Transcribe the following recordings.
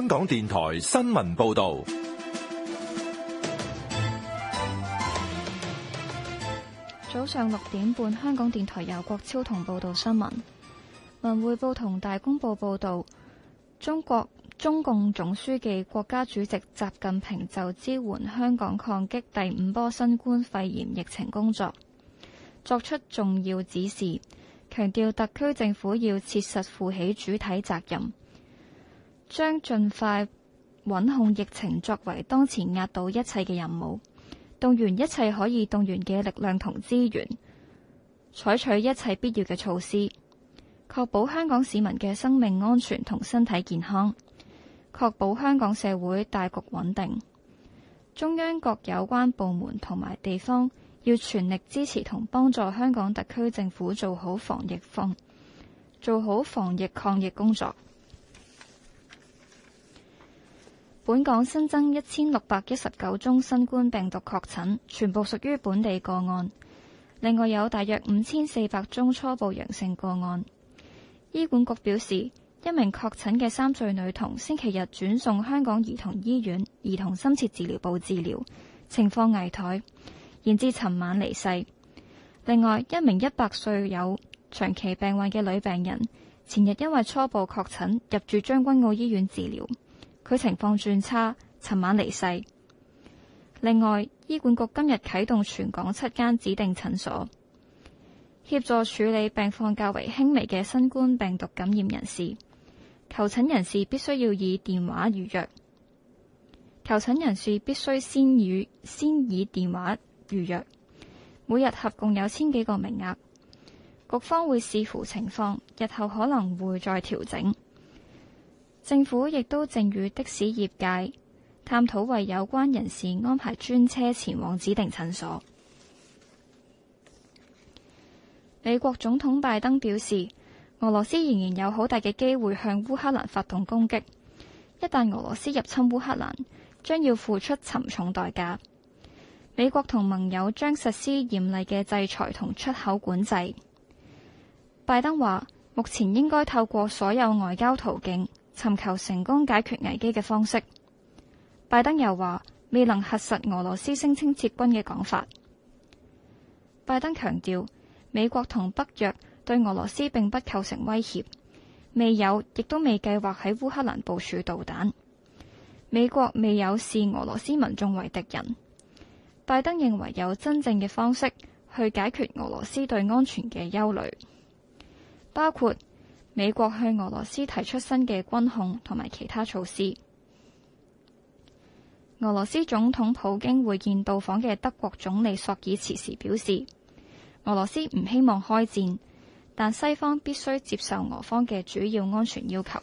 香港電台新聞報道，早上六點半，香港電台由郭超同報道新聞。文匯報同大公報報道，中國中共總書記、國家主席習近平就支援香港抗擊第五波新冠肺炎疫情工作作出重要指示，強調特區政府要切實負起主體責任。將盡快穩控疫情作為當前壓倒一切嘅任務，動員一切可以動員嘅力量同資源，採取一切必要嘅措施，確保香港市民嘅生命安全同身體健康，確保香港社會大局穩定。中央各有關部門同埋地方要全力支持同幫助香港特區政府做好防疫防，做好防疫抗疫工作。本港新增一千六百一十九宗新冠病毒確診，全部屬於本地個案。另外有大約五千四百宗初步陽性個案。醫管局表示，一名確診嘅三歲女童星期日轉送香港兒童醫院兒童深切治療部治療，情況危殆，延至尋晚離世。另外一名一百歲有長期病患嘅女病人，前日因為初步確診入住將軍澳醫院治療。佢情況轉差，尋晚離世。另外，醫管局今日啟動全港七間指定診所，協助處理病況較為輕微嘅新冠病毒感染人士。求診人士必須要以電話預約，求診人士必須先與先以電話預約，每日合共有千幾個名額。局方會視乎情況，日後可能會再調整。政府亦都正與的士業界探討，為有關人士安排專車前往指定診所。美國總統拜登表示，俄羅斯仍然有好大嘅機會向烏克蘭發動攻擊。一旦俄羅斯入侵烏克蘭，將要付出沉重代價。美國同盟友將實施嚴厲嘅制裁同出口管制。拜登話，目前應該透過所有外交途徑，尋求成功解決危機嘅方式。拜登又話未能核實俄羅斯聲稱撤軍嘅講法。拜登強調，美國同北約對俄羅斯並不構成威脅，未有，亦都未計劃喺烏克蘭部署導彈。美國未有視俄羅斯民眾為敵人。拜登認為有真正嘅方式去解決俄羅斯對安全嘅憂慮，包括。美國向俄羅斯提出新嘅軍控同埋其他措施。俄羅斯總統普京會見到訪嘅德國總理索爾茨時表示，俄羅斯唔希望開戰，但西方必須接受俄方嘅主要安全要求。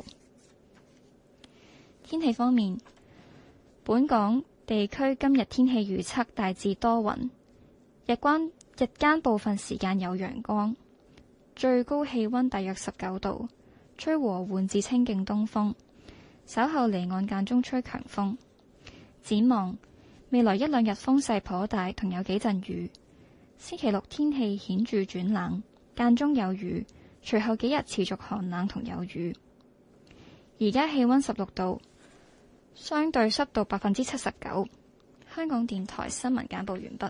天氣方面，本港地區今日天氣預測大致多雲，日關日間部分時間有陽光。最高氣溫大約十九度，吹和緩至清勁東風，稍後離岸間中吹強風。展望未來一兩日風勢頗大，同有幾陣雨。星期六天氣顯著轉冷，間中有雨，隨後幾日持續寒冷同有雨。而家氣溫十六度，相對濕度百分之七十九。香港電台新聞簡報完畢。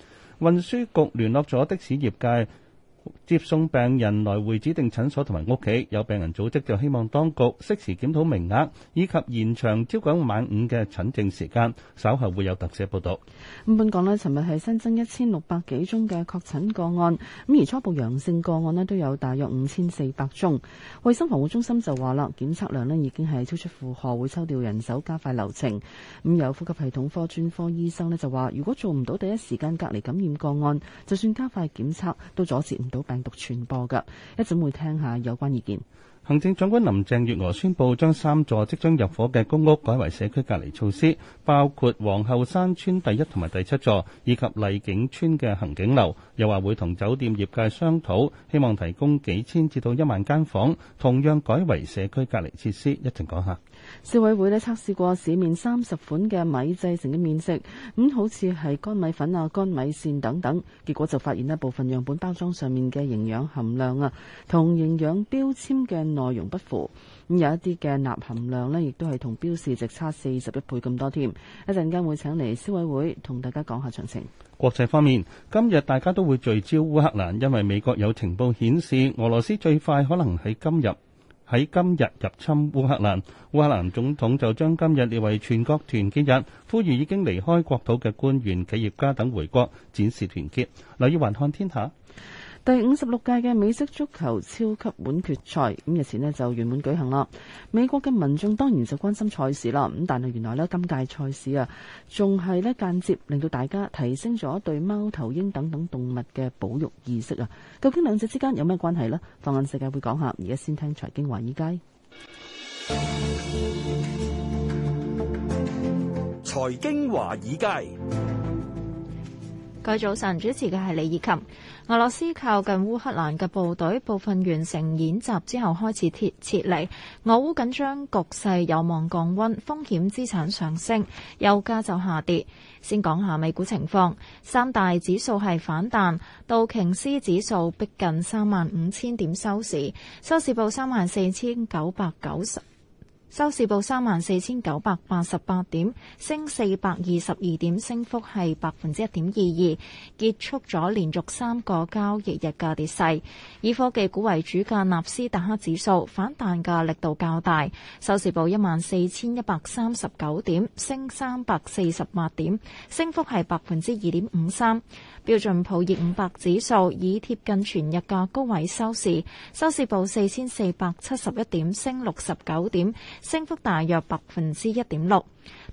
運輸局聯絡咗的士業界。接送病人來回指定診所同埋屋企，有病人組織就希望當局適時檢討名額，以及延長朝九晚五嘅診症時間。稍後會有特寫報道。本港呢尋日係新增一千六百幾宗嘅確診個案，咁而初步陽性個案咧都有大約五千四百宗。衛生防護中心就話啦，檢測量咧已經係超出負荷，會抽調人手加快流程。咁有呼吸系統科專科醫生咧就話，如果做唔到第一時間隔離感染個案，就算加快檢測都阻止唔到病毒傳播噶，一陣會聽下有關意見。行政長官林鄭月娥宣布將三座即將入伙嘅公屋改為社區隔離措施，包括皇后山邨第一同埋第七座，以及麗景邨嘅恆景樓。又話會同酒店業界商討，希望提供幾千至到一萬間房，同樣改為社區隔離設施。講一陣講下。消委會呢，測試過市面三十款嘅米製成嘅麵食，咁好似係乾米粉啊、乾米線等等，結果就發現一部分樣本包裝上面嘅營養含量啊，同營養標籤嘅內容不符，咁有一啲嘅鈉含量呢，亦都係同標示值差四十一倍咁多添。一陣間會請嚟，消委會同大家講下詳情。國際方面，今日大家都會聚焦烏克蘭，因為美國有情報顯示，俄羅斯最快可能喺今日。喺今日入侵烏克蘭，烏克蘭總統就將今日列為全國團結日，呼籲已經離開國土嘅官員、企業家等回國展示團結，留意還看天下。第五十六屆嘅美式足球超級碗決賽咁日前呢就圓滿舉行啦。美國嘅民眾當然就關心賽事啦。咁但係原來呢，今屆賽事啊，仲係呢間接令到大家提升咗對貓頭鷹等等動物嘅保育意識啊。究竟兩者之間有咩關係呢？放眼世界會講下。而家先聽財經華爾街。財經華爾街。各位早晨，主持嘅係李以琴。俄羅斯靠近烏克蘭嘅部隊部分完成演習之後開始撤撤離，俄烏緊張局勢有望降温，風險資產上升，油價就下跌。先講下美股情況，三大指數係反彈，道瓊斯指數逼近三萬五千點收市，收市報三萬四千九百九十。收市報三萬四千九百八十八點，升四百二十二點，升幅係百分之一點二二，結束咗連續三個交易日嘅跌勢。以科技股為主嘅納斯達克指數反彈嘅力度較大，收市報一萬四千一百三十九點，升三百四十八點，升幅係百分之二點五三。標準普爾五百指數已貼近全日嘅高位收市，收市報四千四百七十一點，升六十九點，升幅大約百分之一點六。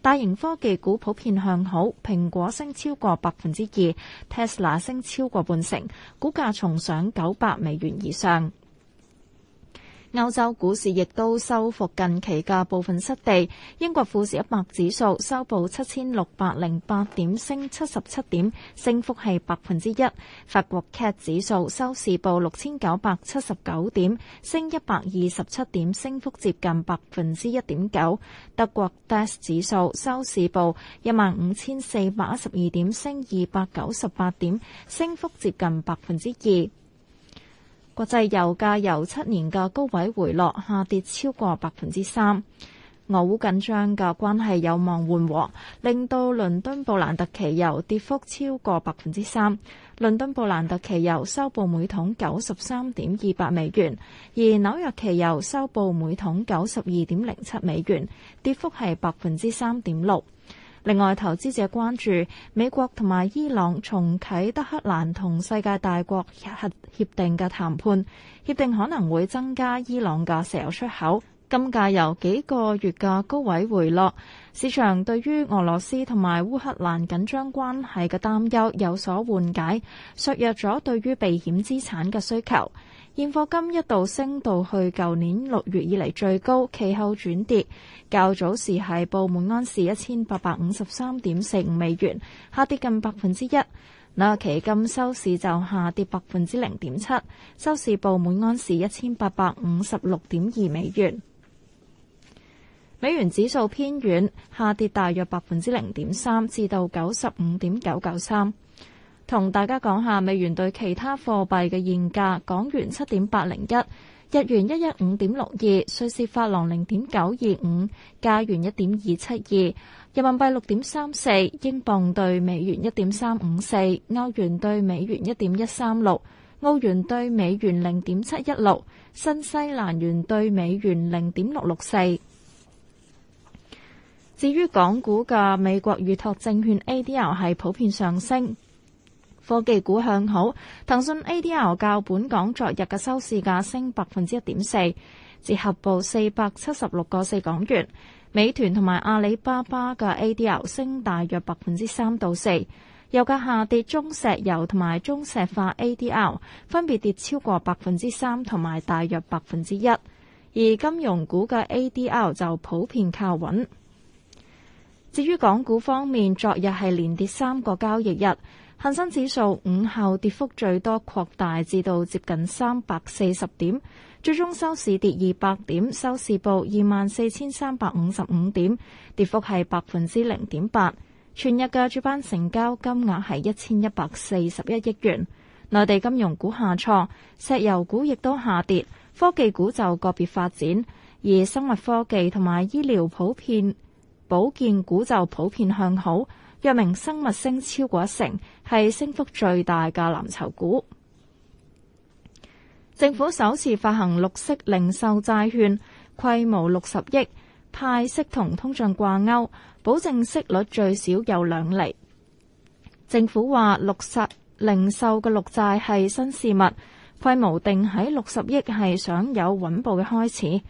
大型科技股普遍向好，蘋果升超過百分之二，Tesla 升超過半成，股價重上九百美元以上。歐洲股市亦都收復近期嘅部分失地。英國富時一百指數收報七千六百零八點，升七十七點，升幅係百分之一。法國 CAC 指數收市報六千九百七十九點，升一百二十七點，升幅接近百分之一點九。德國 DAX 指數收市報一萬五千四百一十二點，升二百九十八點，升幅接近百分之二。國際油價由七年嘅高位回落，下跌超過百分之三。俄烏緊張嘅關係有望緩和，令到倫敦布蘭特期油跌幅超過百分之三。倫敦布蘭特期油收報每桶九十三點二百美元，而紐約期油收報每桶九十二點零七美元，跌幅係百分之三點六。另外，投資者關注美國同埋伊朗重啟德黑蘭同世界大國核協定嘅談判，協定可能會增加伊朗嘅石油出口。金價由幾個月嘅高位回落，市場對於俄羅斯同埋烏克蘭緊張關係嘅擔憂有所緩解，削弱咗對於避險資產嘅需求。現貨金一度升到去舊年六月以嚟最高，期後轉跌。較早時係報每安士一千八百五十三點四五美元，下跌近百分之一。紐約期金收市就下跌百分之零點七，收市報每安士一千八百五十六點二美元。美元指數偏軟，下跌大約百分之零點三，至到九十五點九九三。同大家講下美元對其他貨幣嘅現價，港元七點八零一，日元一一五點六二，瑞士法郎零點九二五，加元一點二七二，人民幣六點三四，英鎊對美元一點三五四，歐元對美元一點一三六，澳元對美元零點七一六，新西蘭元對美元零點六六四。至於港股嘅美國預託證券 ADR 係普遍上升。科技股向好，騰訊 A D R 較本港昨日嘅收市價升百分之一點四，折合報四百七十六個四港元。美團同埋阿里巴巴嘅 A D R 升大約百分之三到四。4, 油價下跌，中石油同埋中石化 A D R 分別跌超過百分之三同埋大約百分之一。而金融股嘅 A D R 就普遍靠穩。至於港股方面，昨日係連跌三個交易日。恒生指數午後跌幅最多擴大至到接近三百四十點，最終收市跌二百點，收市報二萬四千三百五十五點，跌幅係百分之零點八。全日嘅主板成交金額係一千一百四十一億元。內地金融股下挫，石油股亦都下跌，科技股就個別發展，而生物科技同埋醫療普遍、保健股就普遍向好。藥明生物升超過一成，係升幅最大嘅藍籌股。政府首次發行綠色零售債券，規模六十億，派息同通脹掛鈎，保證息率最少有兩厘。政府話綠色零售嘅綠債係新事物，規模定喺六十億係想有穩步嘅開始。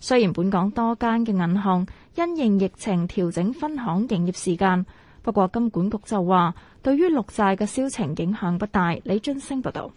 雖然本港多間嘅銀行因應疫情調整分行營業時間。不過，金管局就話，對於綠債嘅銷情影響不大。李津星報道。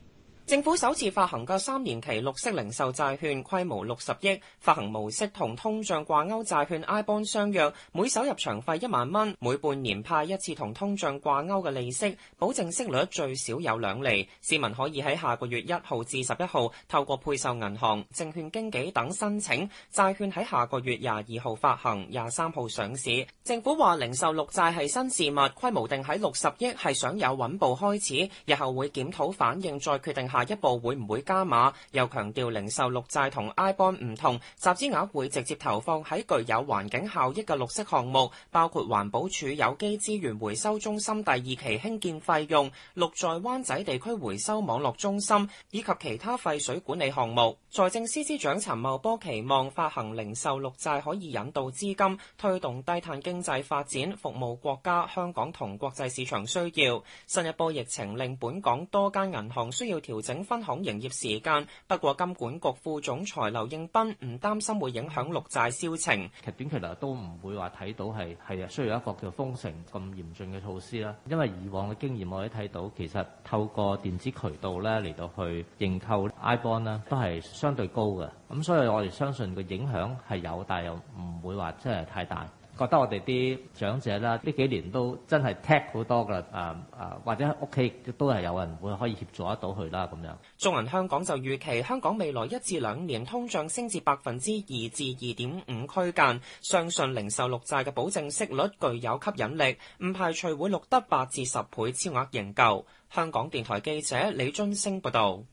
政府首次發行嘅三年期綠色零售債券規模六十億，發行模式同通脹掛鈎債券 iBond 相若每手入場費一萬蚊，每半年派一次同通脹掛鈎嘅利息，保證息率最少有兩厘，市民可以喺下個月一號至十一號透過配售銀行、證券經紀等申請債券，喺下個月廿二號發行，廿三號上市。政府話零售綠債係新事物，規模定喺六十億，係想有穩步開始，日後會檢討反應再決定下。下一步會唔會加碼？又強調零售綠債同 I bond 唔同，集資額會直接投放喺具有環境效益嘅綠色項目，包括環保署有機資源回收中心第二期興建費用、綠在灣仔地區回收網絡中心以及其他廢水管理項目。財政司司長陳茂波期望發行零售綠債可以引導資金推動低碳經濟發展，服務國家香港同國際市場需要。新一波疫情令本港多間銀行需要調整。整分行營業時間，不過金管局副總裁劉應彬唔擔心會影響綠債銷情。劇點其，其實都唔會話睇到係係需要一個叫封城咁嚴峻嘅措施啦。因為以往嘅經驗，我哋睇到其實透過電子渠道咧嚟到去認購 I bond 啦都係相對高嘅咁，所以我哋相信個影響係有，但又唔會話真係太大。覺得我哋啲長者啦，呢幾年都真係 tag 好多噶，誒、啊、誒、啊，或者屋企都係有人會可以協助得到佢啦，咁樣。中銀香港就預期香港未來一至兩年通脹升至百分之二至二點五區間，相信零售綠債嘅保證息率具有吸引力，唔排除會錄得八至十倍超額認購。香港電台記者李津升報道。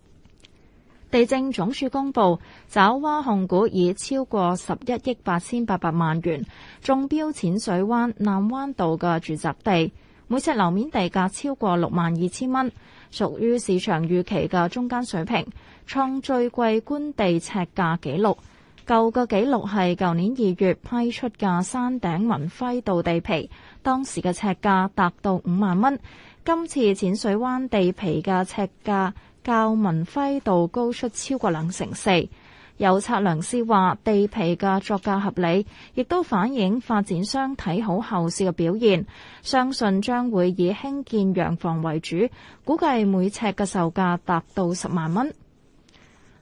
地政總署公布，爪哇控股以超過十一億八千八百萬元中標淺水灣南灣道嘅住宅地，每尺樓面地價超過六萬二千蚊，屬於市場預期嘅中間水平，創最貴官地尺價紀錄。舊個紀錄係舊年二月批出嘅山頂文輝道地皮，當時嘅尺價達到五萬蚊。今次淺水灣地皮嘅尺價。較文輝道高出超過兩成四，有測量師話地皮嘅作價合理，亦都反映發展商睇好後市嘅表現，相信將會以興建洋房為主，估計每尺嘅售價達到十萬蚊。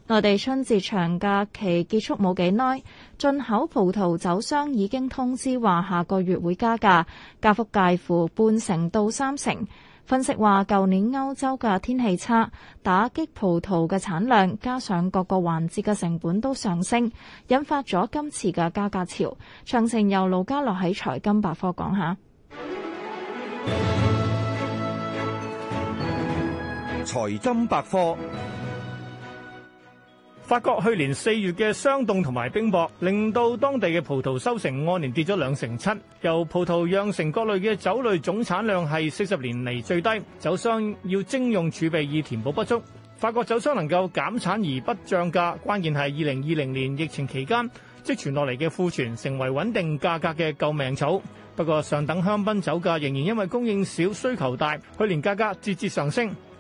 內地春節長假期結束冇幾耐，進口葡萄酒商已經通知話下個月會加價，加幅介乎半成到三成。分析話，舊年歐洲嘅天氣差，打擊葡萄嘅產量，加上各個環節嘅成本都上升，引發咗今次嘅加價潮。詳情由盧家樂喺財金百科講下，財金百科。法國去年四月嘅霜凍同埋冰雹，令到當地嘅葡萄收成按年跌咗兩成七，由葡萄釀成各類嘅酒類總產量係四十年嚟最低，酒商要徵用儲備以填補不足。法國酒商能夠減產而不漲價，關鍵係二零二零年疫情期間積存落嚟嘅庫存成為穩定價格嘅救命草。不過上等香檳酒價仍然因為供應少需求大，去年價格節節上升。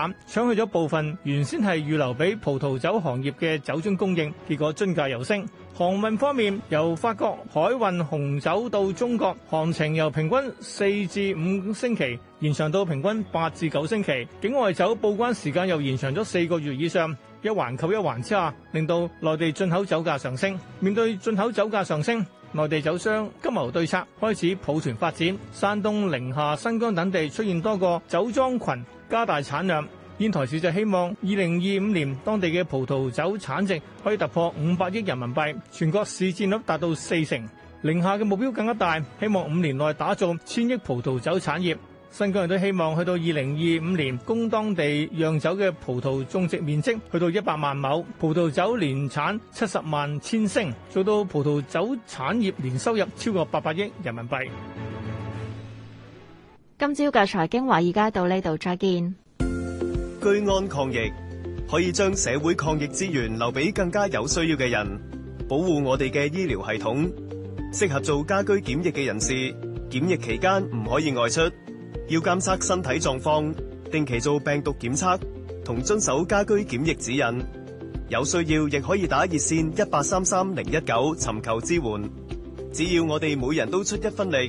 搶去咗部分原先係預留俾葡萄酒行業嘅酒樽供應，結果樽價又升。航運方面，由法國海運紅酒到中國，航程由平均四至五星期延長到平均八至九星期，境外酒報關時間又延長咗四個月以上。一環扣一環之下，令到內地進口酒價上升。面對進口酒價上升，內地酒商急謀對策，開始抱團發展。山東、寧夏、新疆等地出現多個酒莊群。加大產量，煙台市就希望二零二五年當地嘅葡萄酒產值可以突破五百億人民幣，全國市占率達到四成。寧夏嘅目標更加大，希望五年內打造千億葡萄酒產業。新疆人都希望去到二零二五年，供當地釀酒嘅葡萄種植面積去到一百萬畝，葡萄酒年產七十萬千升，做到葡萄酒產業年收入超過八百億人民幣。今朝嘅財經話而家到呢度再見。居安抗疫可以將社會抗疫資源留俾，更加有需要嘅人，保護我哋嘅醫療系統。適合做家居檢疫嘅人士，檢疫期間唔可以外出，要監測身體狀況，定期做病毒檢測，同遵守家居檢疫指引。有需要亦可以打熱線一八三三零一九尋求支援。只要我哋每人都出一分力，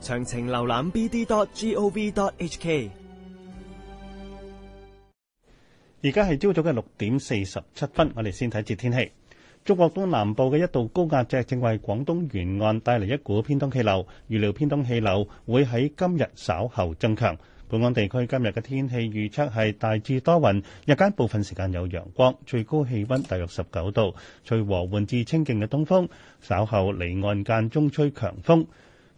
詳情瀏覽 bd.gov.hk。而家係朝早嘅六點四十七分，我哋先睇次天氣。中國東南部嘅一道高壓脊正為廣東沿岸帶嚟一股偏東氣流，預料偏東氣流會喺今日稍後增強。本港地區今日嘅天氣預測係大致多雲，日間部分時間有陽光，最高氣温大約十九度，隨和緩至清勁嘅東風，稍後離岸間中吹強風。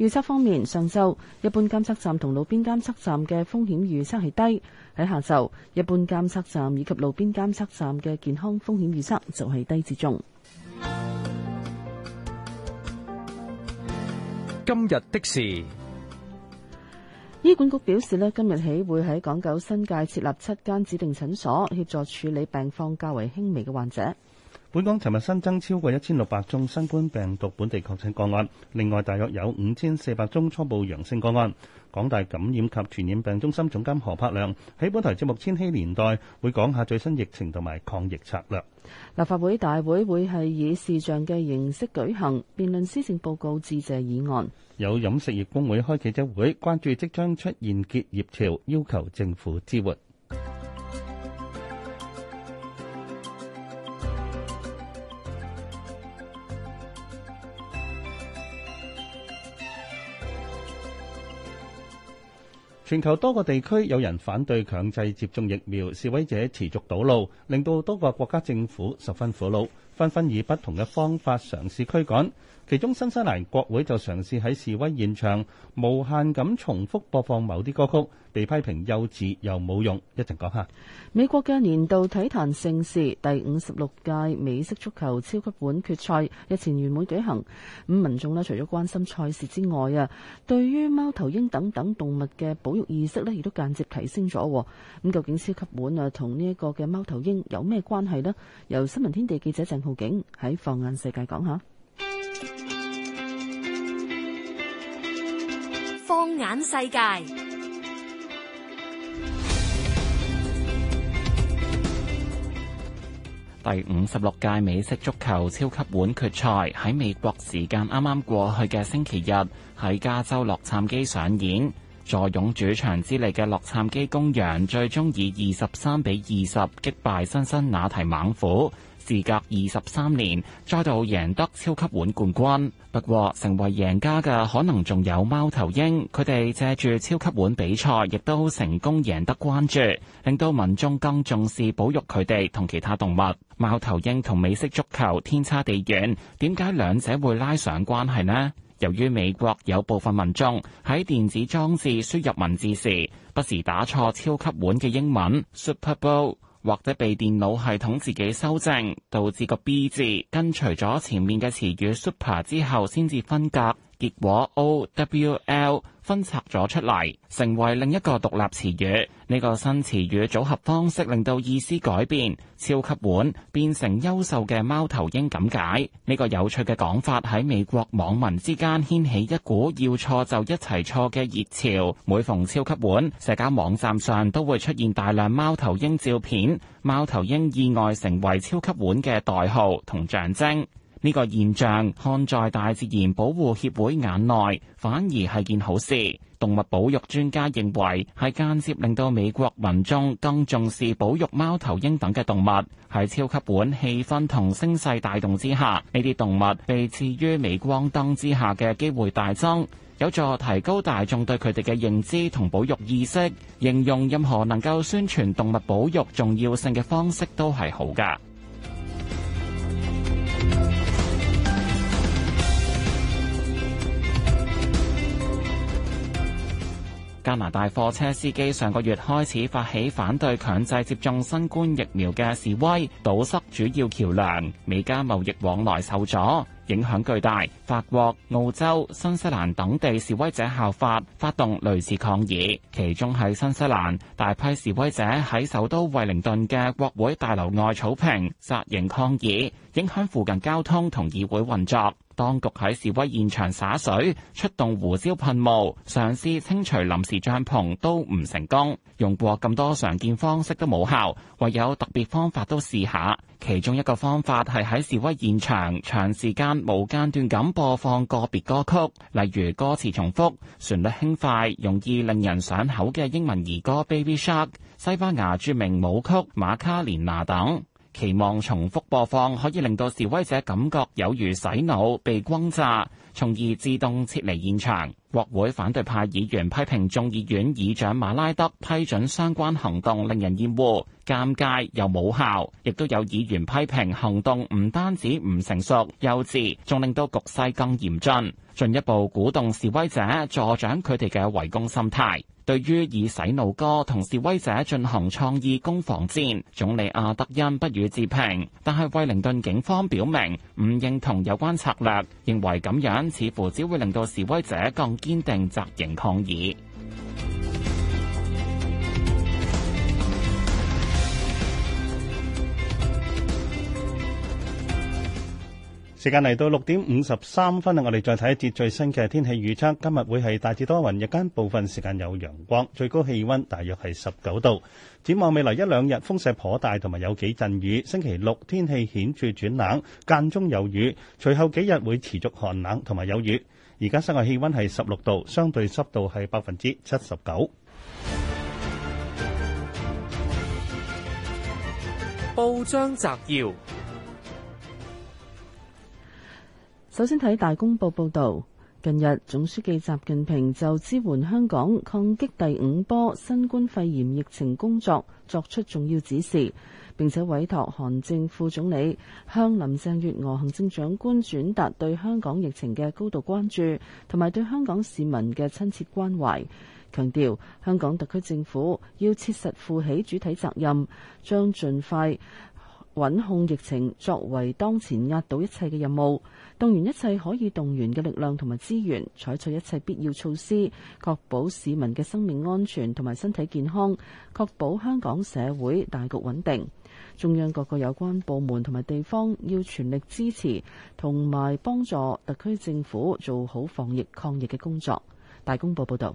預測方面，上晝一般監測站同路邊監測站嘅風險預測係低；喺下晝一般監測站以及路邊監測站嘅健康風險預測就係低至中。今日的事，醫管局表示呢，今日起會喺港九新界設立七間指定診所，協助處理病況較為輕微嘅患者。本港尋日新增超過一千六百宗新冠病毒本地確診個案，另外大約有五千四百宗初步陽性個案。港大感染及傳染病中心總監何柏良喺本台節目《千禧年代》會講下最新疫情同埋抗疫策略。立法會大會會係以視像嘅形式舉行，辯論施政報告致謝議案。有飲食業工會開記者會，關注即將出現結業潮，要求政府支援。全球多個地區有人反對強制接種疫苗，示威者持續堵路，令到多個國家政府十分苦惱，紛紛以不同嘅方法嘗試驅趕。其中，新西蘭國會就嘗試喺示威現場無限咁重複播放某啲歌曲，被批評幼稚又冇用。一陣講下美國嘅年度體壇盛事第五十六屆美式足球超級碗決賽日前圓滿舉行。咁民眾咧，除咗關心賽事之外啊，對於貓頭鷹等等動物嘅保育意識咧，亦都間接提升咗。咁究竟超級碗啊同呢一個嘅貓頭鷹有咩關係呢？由新聞天地記者鄭浩景喺放眼世界講下。放眼世界，第五十六屆美式足球超級碗決賽喺美國時間啱啱過去嘅星期日喺加州洛杉磯上演，坐擁主場之利嘅洛杉磯公羊最終以二十三比二十擊敗辛辛那提猛虎。事隔二十三年，再度贏得超級碗冠軍。不過，成為贏家嘅可能仲有貓頭鷹，佢哋借住超級碗比賽，亦都成功贏得關注，令到民眾更重視保育佢哋同其他動物。貓頭鷹同美式足球天差地遠，點解兩者會拉上關係呢？由於美國有部分民眾喺電子裝置輸入文字時，不時打錯超級碗嘅英文 Super Bowl。或者被電腦系統自己修正，導致個 B 字跟隨咗前面嘅詞語 super 之後先至分隔，結果 OWL。分拆咗出嚟，成為另一個獨立詞語，呢個新詞語組合方式令到意思改變，超級碗變成優秀嘅貓頭鷹咁解。呢個有趣嘅講法喺美國網民之間掀起一股要錯就一齊錯嘅熱潮。每逢超級碗，社交網站上都會出現大量貓頭鷹照片，貓頭鷹意外成為超級碗嘅代號同象徵。呢個現象看在大自然保護協會眼內反而係件好事。動物保育專家認為係間接令到美國民眾更重視保育貓頭鷹等嘅動物。喺超級碗氣氛同聲勢帶動之下，呢啲動物被置於鎂光燈之下嘅機會大增，有助提高大眾對佢哋嘅認知同保育意識，形容任何能夠宣傳動物保育重要性嘅方式都係好噶。加拿大貨車司機上個月開始發起反對強制接種新冠疫苗嘅示威，堵塞主要橋梁，美加貿易往來受阻，影響巨大。法國、澳洲、新西蘭等地示威者效法，發動類似抗議。其中喺新西蘭，大批示威者喺首都惠靈頓嘅國會大樓外草坪紮營抗議，影響附近交通同議會運作。當局喺示威現場灑水、出動胡椒噴霧，嘗試清除臨時帳篷都唔成功，用過咁多常見方式都冇效，唯有特別方法都試下。其中一個方法係喺示威現場長時間無間斷咁播放個別歌曲，例如歌詞重複、旋律輕快、容易令人上口嘅英文兒歌《Baby Shark》、西班牙著名舞曲《馬卡蓮娜》等。期望重複播放可以令到示威者感覺有如洗腦、被轟炸，從而自動撤離現場。國會反對派議員批評眾議院議長馬拉德批准相關行動令人厭惡、尷尬又冇效，亦都有議員批評行動唔單止唔成熟、幼稚，仲令到局勢更嚴峻。進一步鼓動示威者，助長佢哋嘅圍攻心態。對於以洗腦歌同示威者進行創意攻防戰，總理阿德恩不予置評。但係惠靈頓警方表明唔認同有關策略，認為咁樣似乎只會令到示威者更堅定紮營抗議。時間嚟到六點五十三分啊！我哋再睇一節最新嘅天氣預測。今日會係大致多雲，日間部分時間有陽光，最高氣溫大約係十九度。展望未來一兩日，風勢頗大，同埋有幾陣雨。星期六天氣顯著轉冷，間中有雨。隨後幾日會持續寒冷同埋有雨。而家室外氣溫係十六度，相對濕度係百分之七十九。報章摘要。首先睇大公報報道，近日總書記習近平就支援香港抗擊第五波新冠肺炎疫情工作作出重要指示，並且委託韓正副總理向林鄭月娥行政長官轉達對香港疫情嘅高度關注，同埋對香港市民嘅親切關懷，強調香港特區政府要切實負起主體責任，將盡快。穩控疫情作為當前壓倒一切嘅任務，動員一切可以動員嘅力量同埋資源，採取一切必要措施，確保市民嘅生命安全同埋身體健康，確保香港社會大局穩定。中央各個有關部門同埋地方要全力支持同埋幫助特區政府做好防疫抗疫嘅工作。大公報報道。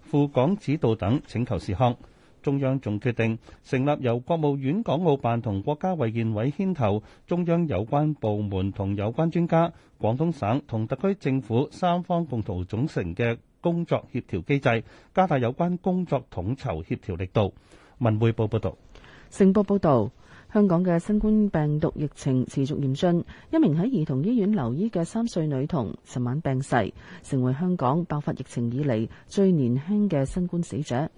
赴港指導等請求事項，中央仲決定成立由國務院港澳辦同國家衛健委牽頭，中央有關部門同有關專家、廣東省同特區政府三方共同組成嘅工作協調機制，加大有關工作統籌協調力度。文匯報報道。成報報導。香港嘅新冠病毒疫情持續嚴峻，一名喺兒童醫院留醫嘅三歲女童，尋晚病逝，成為香港爆發疫情以嚟最年輕嘅新冠死者。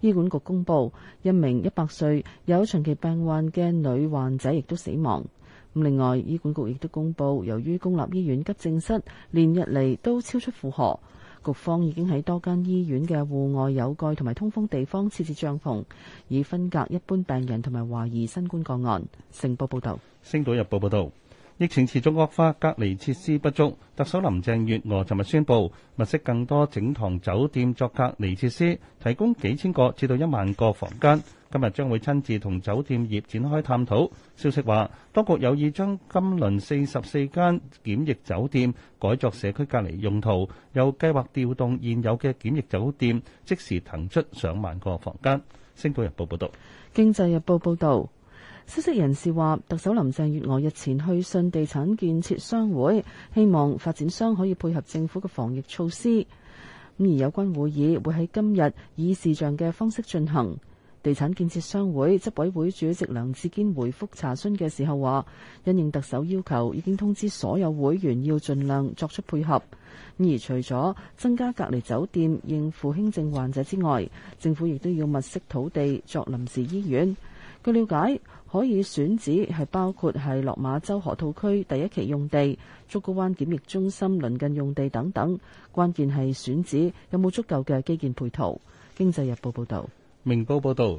醫管局公布，一名一百歲有長期病患嘅女患者亦都死亡。咁另外，醫管局亦都公布，由於公立醫院急症室連日嚟都超出負荷。局方已經喺多間醫院嘅戶外有蓋同埋通風地方設置帳篷，以分隔一般病人同埋懷疑新冠個案。成報報導，星島日報報道。疫情持續惡化，隔離設施不足。特首林鄭月娥尋日宣布，物色更多整堂酒店作隔離設施，提供幾千個至到一萬個房間。今日將會親自同酒店業展開探討。消息話，當局有意將今輪四十四間檢疫酒店改作社區隔離用途，又計劃調動現有嘅檢疫酒店，即時騰出上萬個房間。星島日報報導，經濟日報報導。消息人士話，特首林鄭月娥日前去信地產建設商會，希望發展商可以配合政府嘅防疫措施。咁而有關會議會喺今日以視像嘅方式進行。地產建設商會執委會主席梁志堅回覆查詢嘅時候話，因應特首要求，已經通知所有會員要盡量作出配合。而除咗增加隔離酒店應付輕症患者之外，政府亦都要物色土地作臨時醫院。據了解。可以選址係包括係落馬洲河套區第一期用地、竹篙灣檢疫中心鄰近用地等等。關鍵係選址有冇足夠嘅基建配套。經濟日報報道。明報報道。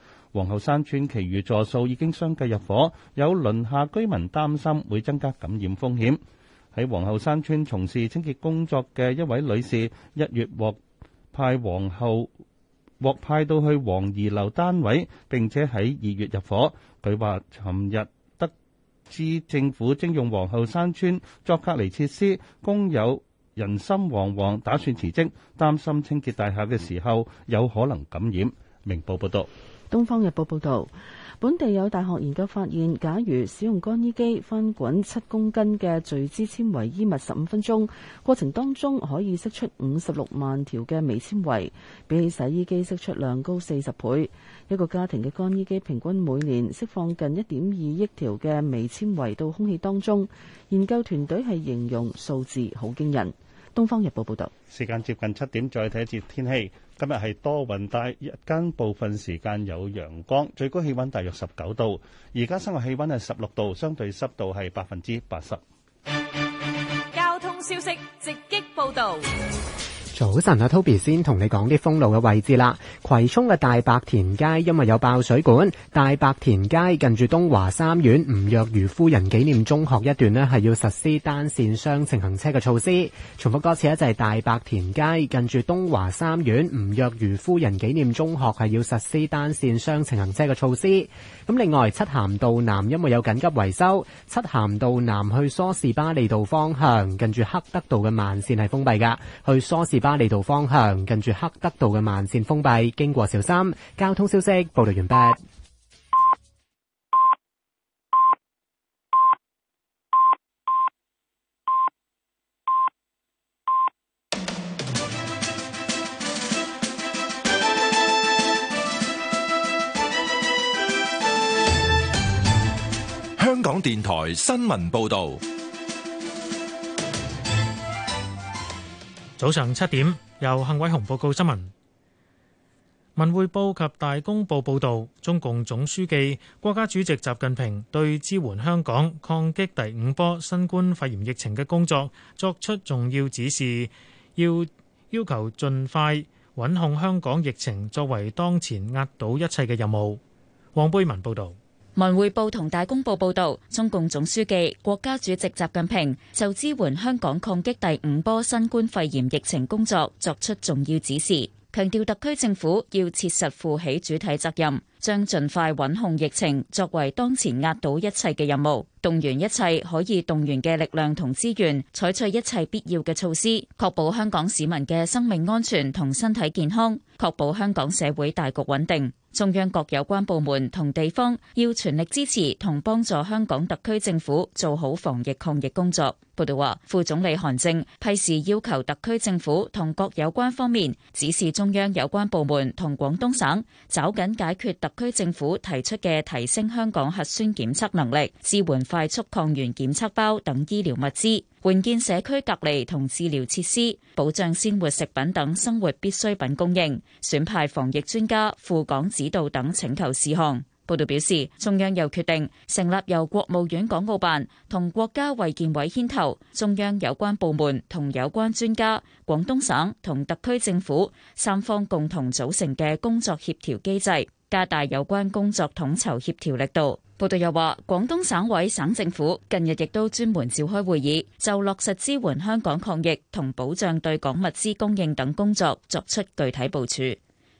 皇后山邨，其餘座數已經相繼入伙。有鄰下居民擔心會增加感染風險。喺皇后山邨從事清潔工作嘅一位女士，一月獲派皇后獲派到去黃怡樓單位，並且喺二月入伙。佢話：尋日得知政府徵用皇后山邨作隔離設施，工友人心惶惶，打算辭職，擔心清潔大廈嘅時候有可能感染。明報報道。《東方日報》報導，本地有大學研究發現，假如使用乾衣機翻滾七公斤嘅聚酯纖維衣物十五分鐘，過程當中可以釋出五十六萬條嘅微纖維，比起洗衣機釋出量高四十倍。一個家庭嘅乾衣機平均每年釋放近一點二億條嘅微纖維到空氣當中。研究團隊係形容數字好驚人。《東方日報》報導，時間接近七點，再睇一節天氣。今日係多雲，但係日間部分時間有陽光，最高氣溫大約十九度。而家室外氣溫係十六度，相對濕度係百分之八十。交通消息直擊報道。早晨啊，Toby 先同你講啲封路嘅位置啦。葵涌嘅大白田街因為有爆水管，大白田街近住東華三院伍若瑜夫人紀念中學一段咧係要實施單線雙程行車嘅措施。重複多次咧，就係、是、大白田街近住東華三院伍若瑜夫人紀念中學係要實施單線雙程行車嘅措施。咁另外，漆咸道南因為有緊急維修，漆咸道南去梳士巴利道方向近住黑德道嘅慢線係封閉噶，去梳士巴。巴利道方向近住黑德道嘅慢線封閉，經過小三交通消息報道完畢。香港電台新聞報道。早上七點，由幸偉雄報告新聞。文匯報及大公報報導，中共總書記、國家主席習近平對支援香港抗擊第五波新冠肺炎疫情嘅工作作出重要指示，要要求盡快穩控香港疫情，作為當前壓倒一切嘅任務。黃貝文報道。《文匯報》同《大公報》報道，中共總書記、國家主席習近平就支援香港抗擊第五波新冠肺炎疫情工作作出重要指示，強調特區政府要切實負起主體責任。將盡快穩控疫情作為當前壓倒一切嘅任務，動員一切可以動員嘅力量同資源，採取一切必要嘅措施，確保香港市民嘅生命安全同身體健康，確保香港社會大局穩定。中央各有關部門同地方要全力支持同幫助香港特區政府做好防疫抗疫工作。報道話，副總理韓正批示要求特區政府同各有關方面指示中央有關部門同廣東省，抓緊解決特。區政府提出嘅提升香港核酸檢測能力、支援快速抗原檢測包等醫療物資、援建社區隔離同治療設施、保障鮮活食品等生活必需品供應、選派防疫專家、赴港指導等請求事項。報道表示，中央又決定成立由國務院港澳辦同國家衛健委牽頭，中央有關部門同有關專家、廣東省同特區政府三方共同組成嘅工作協調機制。加大有關工作統籌協調力度。報道又話，廣東省委省政府近日亦都專門召開會議，就落實支援香港抗疫同保障對港物資供應等工作作出具體部署。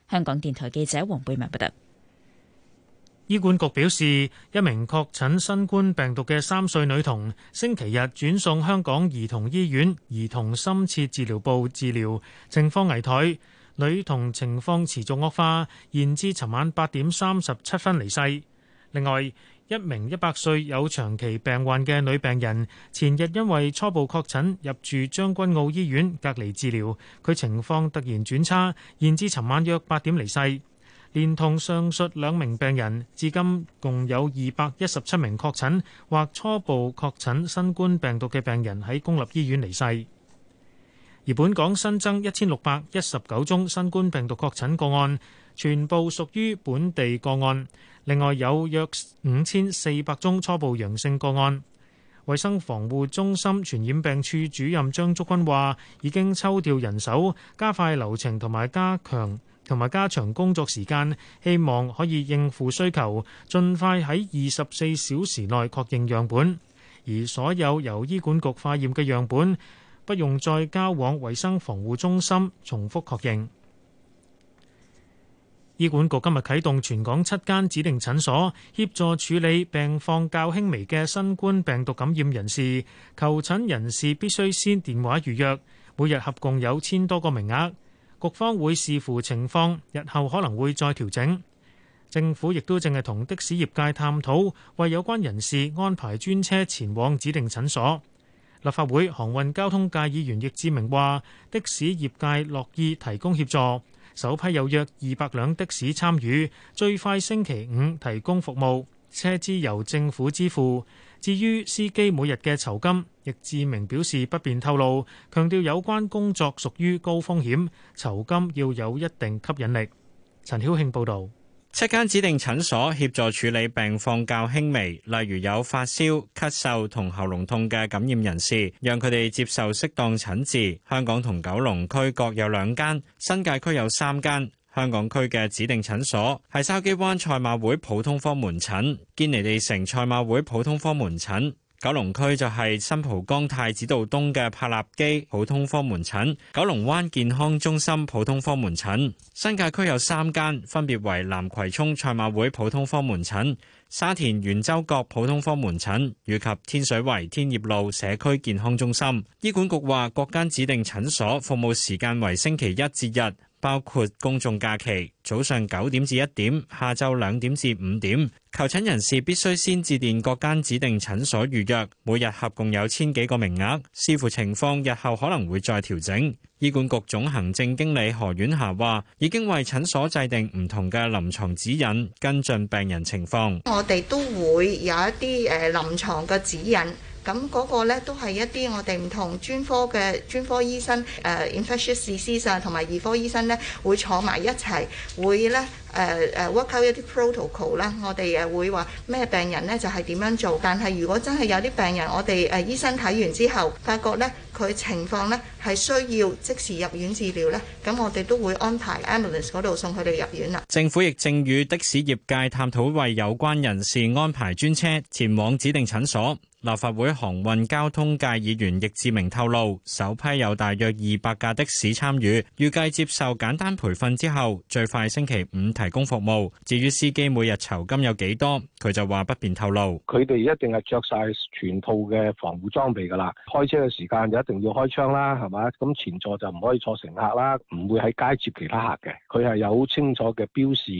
香港電台記者黃貝文報道。醫管局表示，一名確診新冠病毒嘅三歲女童，星期日轉送香港兒童醫院兒童深切治療部治療，情況危殆。女童情況持續惡化，延至尋晚八點三十七分離世。另外一名一百歲有長期病患嘅女病人，前日因為初步確診入住將軍澳醫院隔離治療，佢情況突然轉差，延至尋晚約八點離世。連同上述兩名病人，至今共有二百一十七名確診或初步確診新冠病毒嘅病人喺公立醫院離世。而本港新增一千六百一十九宗新冠病毒確診個案，全部屬於本地個案。另外有約五千四百宗初步陽性個案。衛生防護中心傳染病處主任張竹君話，已經抽調人手，加快流程同埋加強同埋加長工作時間，希望可以應付需求，盡快喺二十四小時內確認樣本。而所有由醫管局化驗嘅樣本。不用再交往衛生防護中心重複確認。醫管局今日啟動全港七間指定診所協助處理病況較輕微嘅新冠病毒感染人士，求診人士必須先電話預約，每日合共有千多個名額。局方會視乎情況，日後可能會再調整。政府亦都正係同的士業界探討，為有關人士安排專車前往指定診所。立法會航運交通界議員易志明話：的士業界樂意提供協助，首批有約二百輛的士參與，最快星期五提供服務，車資由政府支付。至於司機每日嘅酬金，易志明表示不便透露，強調有關工作屬於高風險，酬金要有一定吸引力。陳曉慶報導。七間指定診所協助處理病況較輕微，例如有發燒、咳嗽同喉嚨痛嘅感染人士，讓佢哋接受適當診治。香港同九龍區各有兩間，新界區有三間。香港區嘅指定診所係筲箕灣賽馬會普通科門診、堅尼地城賽馬會普通科門診。九龍區就係新蒲崗太子道東嘅柏立基普通科門診，九龍灣健康中心普通科門診。新界區有三間，分別為南葵涌賽馬會普通科門診、沙田圓洲角普通科門診，以及天水圍天業路社區健康中心。醫管局話，各間指定診所服務時間為星期一至日。，包括公眾假期，早上九點至一點，下晝兩點至五點。求診人士必須先致電各間指定診所預約，每日合共有千幾個名額，視乎情況，日後可能會再調整。醫管局總行政經理何婉霞話：，已經為診所制定唔同嘅臨床指引，跟進病人情況。我哋都會有一啲誒臨床嘅指引。咁嗰個咧都係一啲我哋唔同專科嘅專科醫生，誒 infectious diseases 同埋兒科醫生呢會坐埋一齊，會呢誒誒、uh, work out 一啲 protocol 啦。我哋誒會話咩病人呢就係點樣做，但係如果真係有啲病人，我哋誒醫生睇完之後，發覺呢，佢情況呢係需要即時入院治療呢。咁我哋都會安排 ambulance 嗰度送佢哋入院啦。政府亦正與的士業界探討為有關人士安排專車前往指定診所。立法會航運交通界議員易志明透露，首批有大約二百架的士參與，預計接受簡單培訓之後，最快星期五提供服務。至於司機每日酬金有幾多，佢就話不便透露。佢哋一定係着晒全套嘅防護裝備㗎啦，開車嘅時間就一定要開窗啦，係嘛？咁前座就唔可以坐乘客啦，唔會喺街接其他客嘅。佢係有好清楚嘅標示，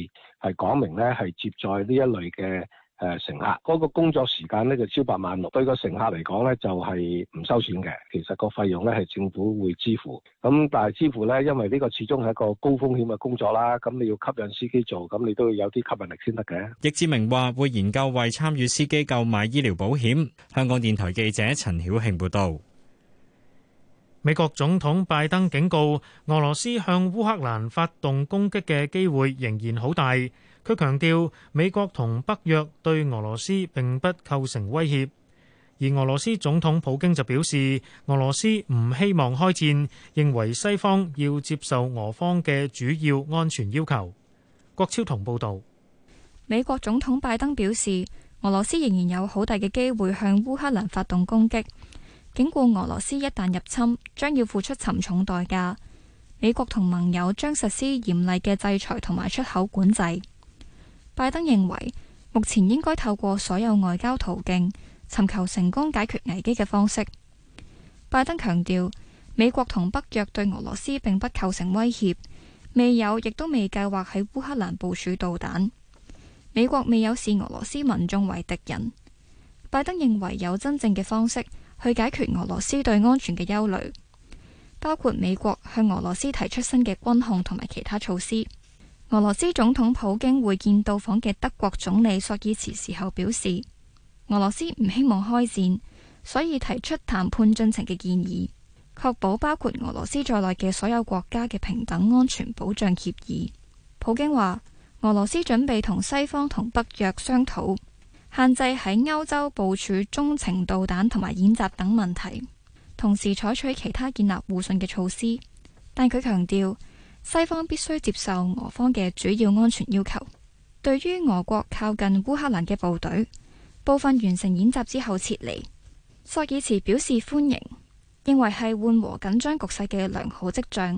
係講明咧係接載呢一類嘅。誒乘客嗰個工作時間呢，就超八萬六，對個乘客嚟講呢，就係唔收錢嘅。其實個費用呢，係政府會支付。咁但係支付呢，因為呢個始終係一個高風險嘅工作啦，咁你要吸引司機做，咁你都要有啲吸引力先得嘅。易志明話會研究為參與司機購買醫療保險，香港電台記者陳曉慶報道。美國總統拜登警告，俄羅斯向烏克蘭發動攻擊嘅機會仍然好大。佢強調，美國同北約對俄羅斯並不構成威脅，而俄羅斯總統普京就表示，俄羅斯唔希望開戰，認為西方要接受俄方嘅主要安全要求。郭超同報導，美國總統拜登表示，俄羅斯仍然有好大嘅機會向烏克蘭發動攻擊，警告俄羅斯一旦入侵，將要付出沉重代價。美國同盟友將實施嚴厲嘅制裁同埋出口管制。拜登認為目前應該透過所有外交途徑尋求成功解決危機嘅方式。拜登強調，美國同北約對俄羅斯並不構成威脅，未有，亦都未計劃喺烏克蘭部署導彈。美國未有視俄羅斯民眾為敵人。拜登認為有真正嘅方式去解決俄羅斯對安全嘅憂慮，包括美國向俄羅斯提出新嘅軍控同埋其他措施。俄羅斯總統普京會見到訪嘅德國總理朔爾茨時候表示，俄羅斯唔希望開戰，所以提出談判進程嘅建議，確保包括俄羅斯在內嘅所有國家嘅平等安全保障協議。普京話，俄羅斯準備同西方同北約商討，限制喺歐洲部署中程導彈同埋演習等問題，同時採取其他建立互信嘅措施。但佢強調，西方必須接受俄方嘅主要安全要求。對於俄國靠近烏克蘭嘅部隊，部分完成演習之後撤離，索爾茨表示歡迎，認為係緩和緊張局勢嘅良好跡象。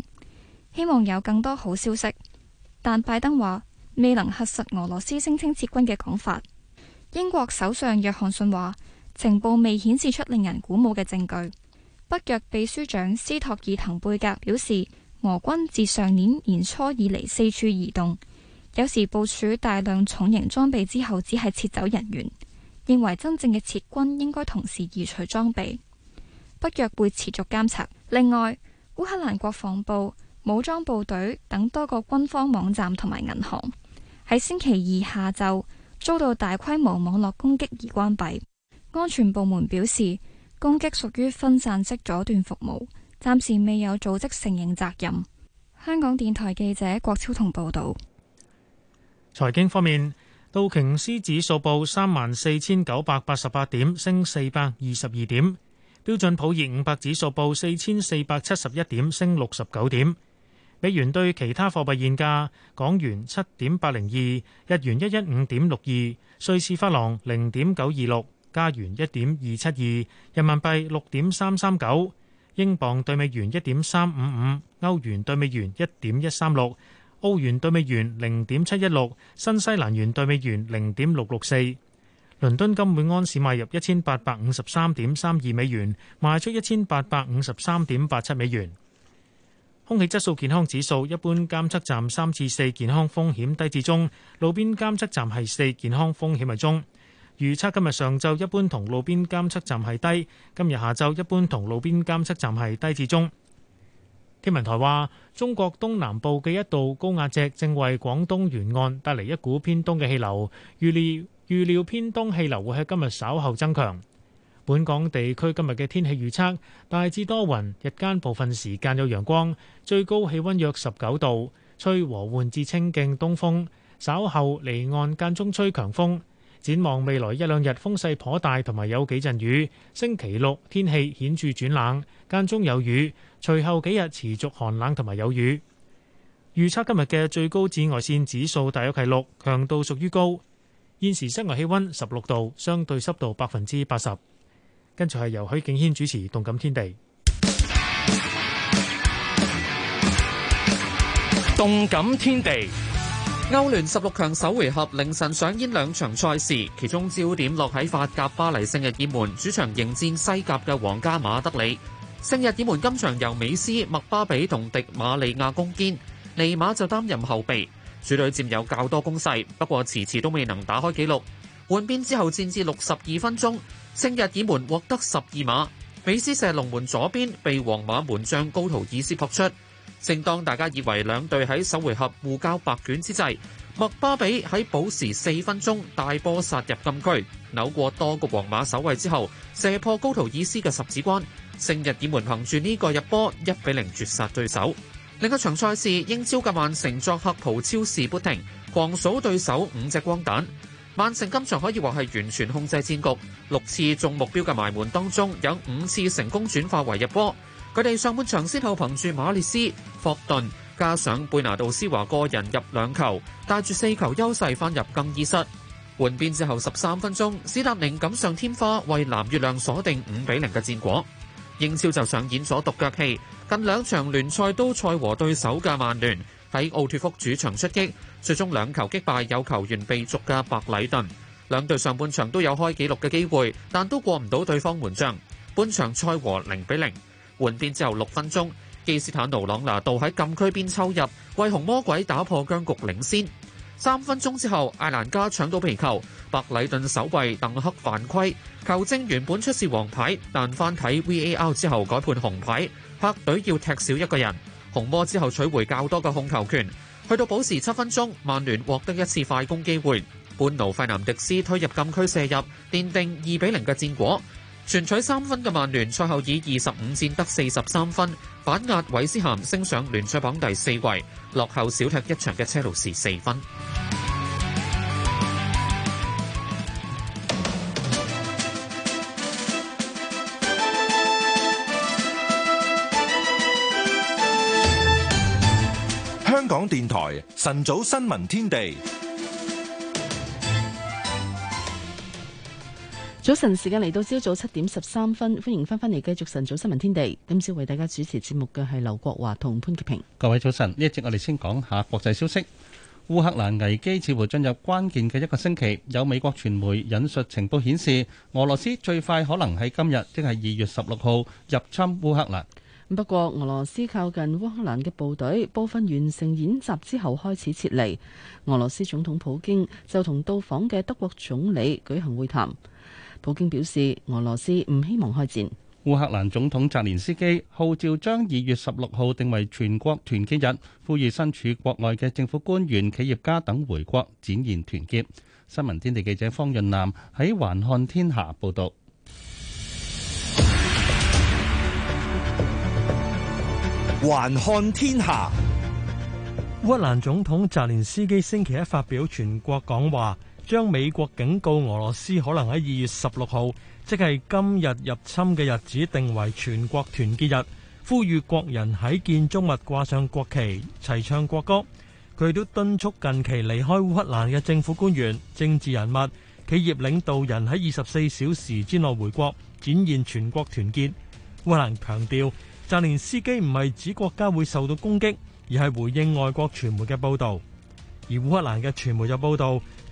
希望有更多好消息。但拜登話未能核實俄羅斯聲稱撤軍嘅講法。英國首相約翰遜話，情報未顯示出令人鼓舞嘅證據。北約秘書長斯托爾滕貝格表示，俄軍自上年年初以嚟四處移動，有時部署大量重型裝備之後只係撤走人員，認為真正嘅撤軍應該同時移除裝備。北約會持續監察。另外，烏克蘭國防部、武裝部隊等多個軍方網站同埋銀行喺星期二下晝遭到大規模網絡攻擊而關閉，安全部門表示攻擊屬於分散式阻斷服務。暫時未有組織承認責任。香港電台記者郭超同報道。財經方面，道瓊斯指數報三萬四千九百八十八點，升四百二十二點。標準普爾五百指數報四千四百七十一點，升六十九點。美元兌其他貨幣現價：港元七點八零二，日元一一五點六二，瑞士法郎零點九二六，加元一點二七二，人民幣六點三三九。英鎊兌美元一點三五五，歐元兌美元一點一三六，歐元兌美元零點七一六，新西蘭元兌美元零點六六四。倫敦金每安士買入一千八百五十三點三二美元，賣出一千八百五十三點八七美元。空氣質素健康指數，一般監測站三至四，健康風險低至中；路邊監測站係四，健康風險為中。預測今日上晝一般同路邊監測站係低，今日下晝一般同路邊監測站係低至中。天文台話，中國東南部嘅一道高壓脊正為廣東沿岸帶嚟一股偏東嘅氣流，預料預料偏東氣流會喺今日稍後增強。本港地區今日嘅天氣預測大致多雲，日間部分時間有陽光，最高氣溫約十九度，吹和緩至清勁東風，稍後離岸間中吹強風。展望未來一兩日風勢頗大，同埋有幾陣雨。星期六天氣顯著轉冷，間中有雨。隨後幾日持續寒冷同埋有雨。預測今日嘅最高紫外線指數大約係六，強度屬於高。現時室外氣溫十六度，相對濕度百分之八十。跟住係由許敬軒主持《動感天地》。《動感天地》。歐聯十六強首回合凌晨上演兩場賽事，其中焦點落喺法甲巴黎聖日耳門主場迎戰西甲嘅皇家馬德里。聖日耳門今場由美斯、麥巴比同迪馬利亞攻堅，尼馬就擔任後備，主隊占有較多攻勢，不過遲遲都未能打開紀錄。換邊之後戰至六十二分鐘，聖日耳門獲得十二碼，美斯射龍門左邊，被皇馬門將高圖爾斯撲出。正當大家以為兩隊喺首回合互交白卷之際，麥巴比喺補時四分鐘大波殺入禁區，扭過多個皇馬守衛之後，射破高圖爾斯嘅十指關，聖日耳門憑住呢個入波一比零絕殺對手。另一場賽事，英超嘅曼城作客葡超士砵亭，狂數對手五隻光蛋。曼城今場可以話係完全控制戰局，六次中目標嘅埋門當中，有五次成功轉化為入波。佢哋上半場先後憑住馬列斯、霍頓，加上貝拿道斯華個人入兩球，帶住四球優勢翻入更衣室換邊之後，十三分鐘史達寧錦上添花，為藍月亮鎖定五比零嘅戰果。英超就上演咗獨腳戲，近兩場聯賽都賽和對手嘅曼聯喺奧脱福主場出擊，最終兩球擊敗有球員被逐嘅白禮頓。兩隊上半場都有開紀錄嘅機會，但都過唔到對方門將。半場賽和零比零。換邊之後六分鐘，基斯坦奴朗拿度喺禁區邊抽入，為紅魔鬼打破僵局領先。三分鐘之後，艾蘭加搶到皮球，白禮頓守衛鄧克犯規，球證原本出示黃牌，但翻睇 VAR 之後改判紅牌，客隊要踢少一個人。紅魔之後取回較多嘅控球權，去到補時七分鐘，曼聯獲得一次快攻機會，半奴費南迪斯推入禁區射入，奠定二比零嘅戰果。全取三分嘅曼聯賽後以二十五戰得四十三分，反壓韋斯咸升上聯賽榜第四位，落後小踢一場嘅車路士四分。香港電台晨早新聞天地。早晨時間嚟到，朝早七點十三分，歡迎翻返嚟繼續晨早新聞天地。今朝為大家主持節目嘅係劉國華同潘潔平。各位早晨，呢一節我哋先講下國際消息。烏克蘭危機似乎進入關鍵嘅一個星期，有美國傳媒引述情報顯示，俄羅斯最快可能喺今日，即係二月十六號入侵烏克蘭。不過，俄羅斯靠近烏克蘭嘅部隊部分完成演習之後開始撤離。俄羅斯總統普京就同到訪嘅德國總理舉行會談。普京表示，俄羅斯唔希望開戰。烏克蘭總統澤連斯基號召將二月十六號定為全國團結日，呼籲身處國外嘅政府官員、企業家等回國，展現團結。新聞天地記者方潤南喺《環看天下》報道。環看天下，烏克蘭總統澤連斯基星期一發表全國講話。將美國警告俄羅斯可能喺二月十六號，即係今日入侵嘅日子，定為全國團結日，呼籲國人喺建築物掛上國旗，齊唱國歌。佢亦都敦促近期離開烏克蘭嘅政府官員、政治人物、企業領導人喺二十四小時之內回國，展現全國團結。烏克蘭強調澤連斯基唔係指國家會受到攻擊，而係回應外國傳媒嘅報道。而烏克蘭嘅傳媒就報道。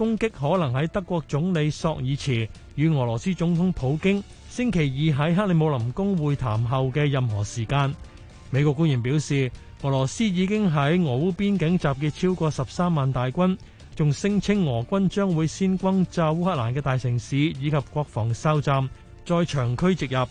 攻擊可能喺德國總理索爾茨與俄羅斯總統普京星期二喺克里姆林宮會談後嘅任何時間。美國官員表示，俄羅斯已經喺俄烏邊境集結超過十三萬大軍，仲聲稱俄軍將會先轟炸烏克蘭嘅大城市以及國防哨站，再長驅直入。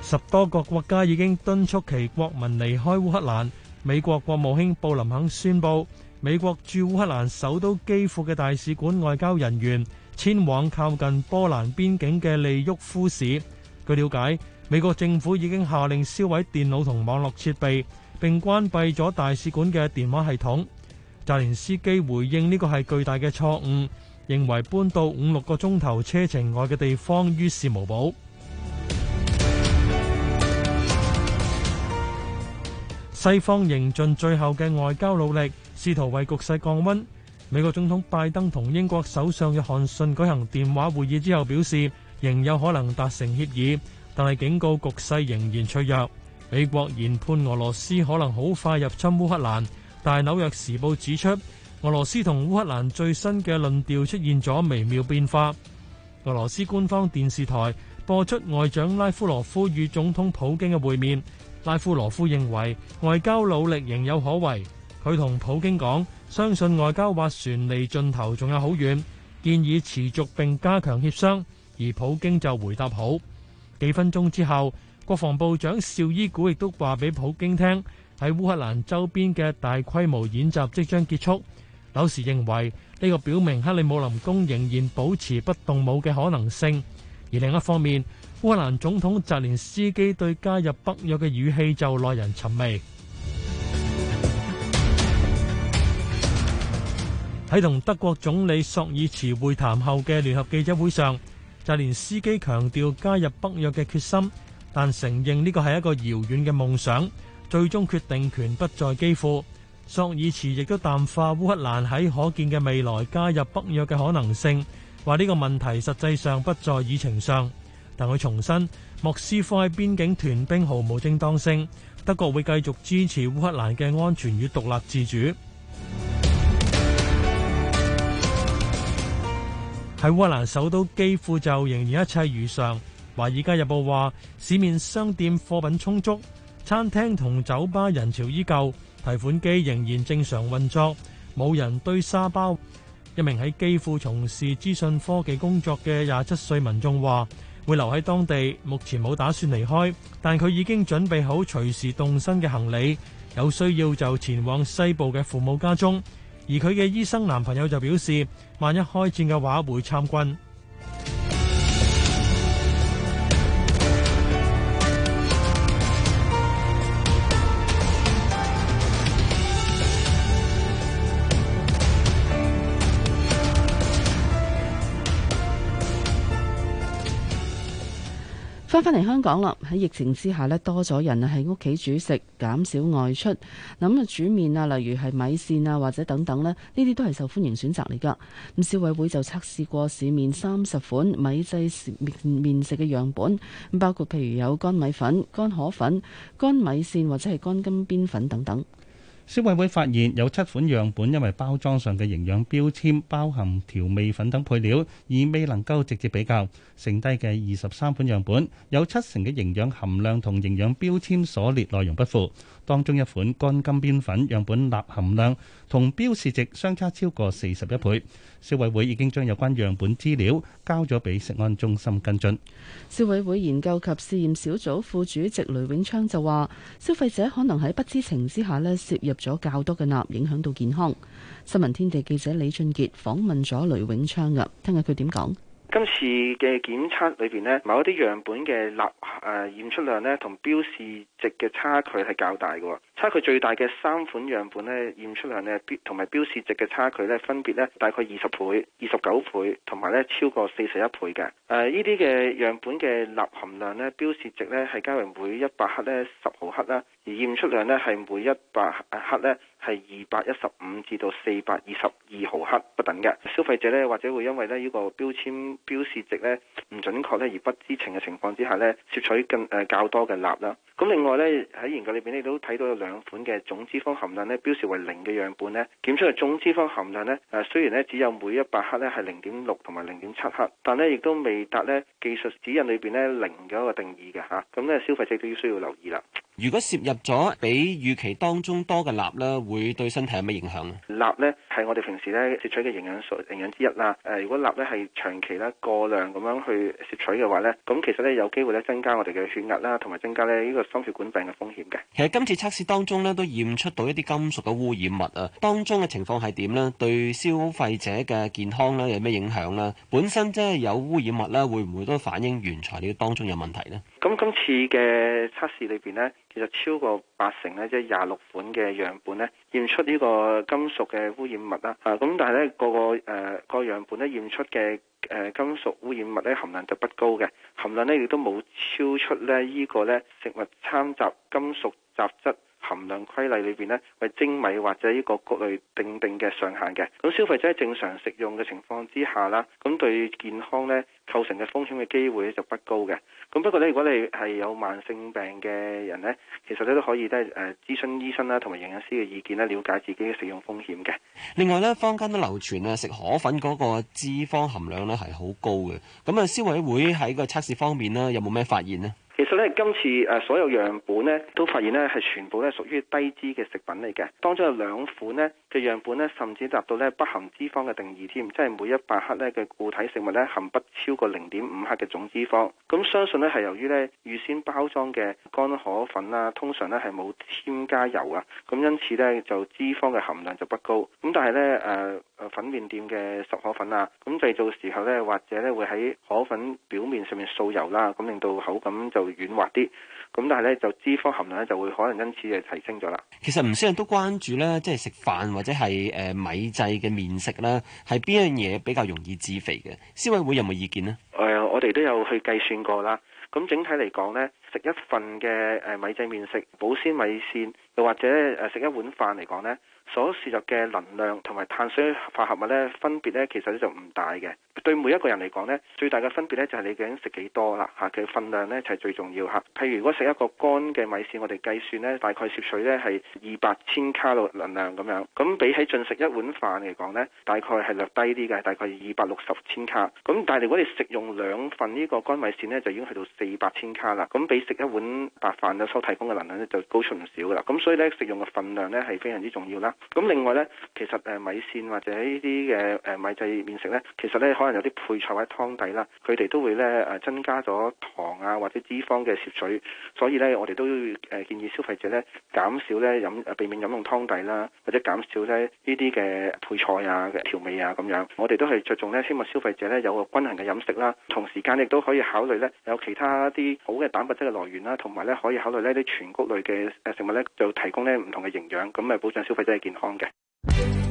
十多個國家已經敦促其國民離開烏克蘭。美國國務卿布林肯宣布，美國駐烏克蘭首都基輔嘅大使館外交人員遷往靠近波蘭邊境嘅利沃夫市。據了解，美國政府已經下令銷毀電腦同網絡設備，並關閉咗大使館嘅電話系統。澤連斯基回應呢個係巨大嘅錯誤，認為搬到五六個鐘頭車程外嘅地方於事無補。西方仍盡最後嘅外交努力，試圖為局勢降溫。美國總統拜登同英國首相約翰遜舉行電話會議之後，表示仍有可能達成協議，但係警告局勢仍然脆弱。美國研判俄羅斯可能好快入侵烏克蘭，但係《紐約時報》指出，俄羅斯同烏克蘭最新嘅論調出現咗微妙變化。俄羅斯官方電視台播出外長拉夫羅夫與總統普京嘅會面。拉夫羅夫認為外交努力仍有可為，佢同普京講相信外交或船離盡頭仲有好遠，建議持續並加強協商。而普京就回答好。幾分鐘之後，國防部長邵伊古亦都話俾普京聽，喺烏克蘭周邊嘅大規模演習即將結束。紐時認為呢個表明克里姆林宮仍然保持不動武嘅可能性。而另一方面，烏克蘭總統澤連斯基對加入北約嘅語氣就耐人尋味。喺同德國總理朔爾茨會談後嘅聯合記者會上，澤連斯基強調加入北約嘅決心，但承認呢個係一個遙遠嘅夢想，最終決定權不在基輔。朔爾茨亦都淡化烏克蘭喺可見嘅未來加入北約嘅可能性，話呢個問題實際上不在議程上。但佢重申，莫斯科喺邊境屯兵毫無正當性。德國會繼續支持烏克蘭嘅安全與獨立自主。喺 烏克蘭首都基輔就仍然一切如常。華爾街日報話，市面商店貨品充足，餐廳同酒吧人潮依舊，提款機仍然正常運作，冇人堆沙包。一名喺基輔從事資訊科技工作嘅廿七歲民眾話。會留喺當地，目前冇打算離開，但佢已經準備好隨時動身嘅行李，有需要就前往西部嘅父母家中。而佢嘅醫生男朋友就表示，萬一開戰嘅話會參軍。返嚟香港啦，喺疫情之下呢，多咗人喺屋企煮食，減少外出。咁啊，煮麵啊，例如係米線啊，或者等等呢，呢啲都係受歡迎選擇嚟噶。咁消委會就測試過市面三十款米製麵食嘅樣本，包括譬如有乾米粉、乾河粉、乾米線或者係乾金邊粉等等。消委會發現有七款樣本因為包裝上嘅營養標籤包含調味粉等配料，而未能夠直接比較。剩低嘅二十三款樣本，有七成嘅營養含量同營養標籤所列內容不符。當中一款乾金邊粉樣本鈉含量同標示值相差超過四十一倍，消委會已經將有關樣本資料交咗俾食安中心跟進。消委會研究及試驗小組副主席雷永昌就話，消費者可能喺不知情之下呢攝入咗較多嘅鈉，影響到健康。新聞天地記者李俊杰訪問咗雷永昌噶，聽下佢點講。今次嘅檢測裏面，呢某一啲樣本嘅鈉誒驗出量呢，同標示值嘅差距係較大嘅。差距最大嘅三款樣本呢驗出量呢同埋標示值嘅差距呢分別呢大概二十倍、二十九倍，同埋呢超過四十一倍嘅。誒、呃，呢啲嘅樣本嘅鈉含量呢標示值呢係加為每一百克呢十毫克啦，而驗出量呢係每一百克呢係二百一十五至到四百二十二毫克不等嘅。消費者呢或者會因為呢依、呢個標籤標示值呢唔準確呢而不知情嘅情況之下呢攝取更誒較、呃、多嘅鈉啦。咁另外呢，喺研究裏邊你都睇到有兩。兩款嘅總脂肪含量呢，標示為零嘅樣本呢，檢出嘅總脂肪含量呢，誒雖然呢只有每一百克呢係零點六同埋零點七克，但呢亦都未達呢技術指引裏邊呢零嘅一個定義嘅吓。咁呢，消費者都要需要留意啦。如果攝入咗比預期當中多嘅鈉呢，會對身體有咩影響咧？鈉咧係我哋平時呢攝取嘅營養素，營養之一啦。誒，如果鈉呢係長期呢過量咁樣去攝取嘅話呢，咁其實呢有機會咧增加我哋嘅血壓啦，同埋增加咧呢個心血管病嘅風險嘅。其實今次測試當。當中咧都驗出到一啲金屬嘅污染物啊！當中嘅情況係點呢？對消費者嘅健康咧有咩影響呢？本身即係有污染物咧，會唔會都反映原材料當中有問題呢？咁今次嘅測試裏邊呢，其實超過八成呢，即係廿六款嘅樣本咧，驗出呢個金屬嘅污染物啦。吓、那個，咁但係呢個個誒個樣本咧驗出嘅誒金屬污染物咧含量就不高嘅，含量呢亦都冇超出咧呢個咧食物摻雜金屬雜質。含量規例裏邊呢，係精米或者呢個各類定定嘅上限嘅。咁消費者喺正常食用嘅情況之下啦，咁對健康呢，構成嘅風險嘅機會咧就不高嘅。咁不過呢，如果你係有慢性病嘅人呢，其實咧都可以都係誒諮詢醫生啦，同埋營養師嘅意見啦，了解自己嘅食用風險嘅。另外呢，坊間都流傳咧食河粉嗰個脂肪含量呢係好高嘅。咁啊，消委會喺個測試方面呢，有冇咩發現呢？其實咧，今次誒、呃、所有樣本咧，都發現咧係全部咧屬於低脂嘅食品嚟嘅。當中有兩款咧嘅樣本咧，甚至達到咧不含脂肪嘅定義添，即係每一百克咧嘅固體食物咧含不超過零點五克嘅總脂肪。咁、嗯、相信咧係由於咧預先包裝嘅乾河粉啊，通常咧係冇添加油啊，咁因此咧就脂肪嘅含量就不高。咁但係咧誒誒粉麵店嘅熟河粉啊，咁、嗯、製造時候咧或者咧會喺河粉表面上面掃油啦，咁令到口感就軟滑啲，咁但係咧就脂肪含量咧就會可能因此誒提升咗啦。其實唔少人都關注咧，即係食飯或者係誒、呃、米製嘅麵食啦，係邊樣嘢比較容易致肥嘅？消委會有冇意見呢？誒、呃，我哋都有去計算過啦。咁、嗯、整體嚟講咧，食一份嘅誒米製麵食，保鮮米線，又或者誒食一碗飯嚟講咧，所攝入嘅能量同埋碳水化合物咧，分別咧其實咧就唔大嘅。對每一個人嚟講呢，最大嘅分別呢，就係你究竟食幾多啦，嚇嘅份量呢就係、是、最重要嚇。譬如如果食一個乾嘅米線，我哋計算呢大概攝取呢係二百千卡嘅能量咁樣。咁比起進食一碗飯嚟講呢，大概係略低啲嘅，大概二百六十千卡。咁但係如果你食用兩份呢個乾米線呢，就已經去到四百千卡啦。咁比食一碗白飯嘅所提供嘅能量呢，就高出唔少啦。咁所以呢，食用嘅份量呢係非常之重要啦。咁另外呢，其實誒米線或者呢啲嘅誒米製麵食呢，其實呢。可。有啲配菜或者湯底啦，佢哋都會咧誒增加咗糖啊或者脂肪嘅攝取，所以咧我哋都誒建議消費者咧減少咧飲誒避免飲用湯底啦，或者減少咧呢啲嘅配菜啊調味啊咁樣。我哋都係着重咧希望消費者咧有個均衡嘅飲食啦，同時間亦都可以考慮咧有其他啲好嘅蛋白質嘅來源啦，同埋咧可以考慮呢啲全穀類嘅誒食物咧就提供呢唔同嘅營養，咁誒保障消費者嘅健康嘅。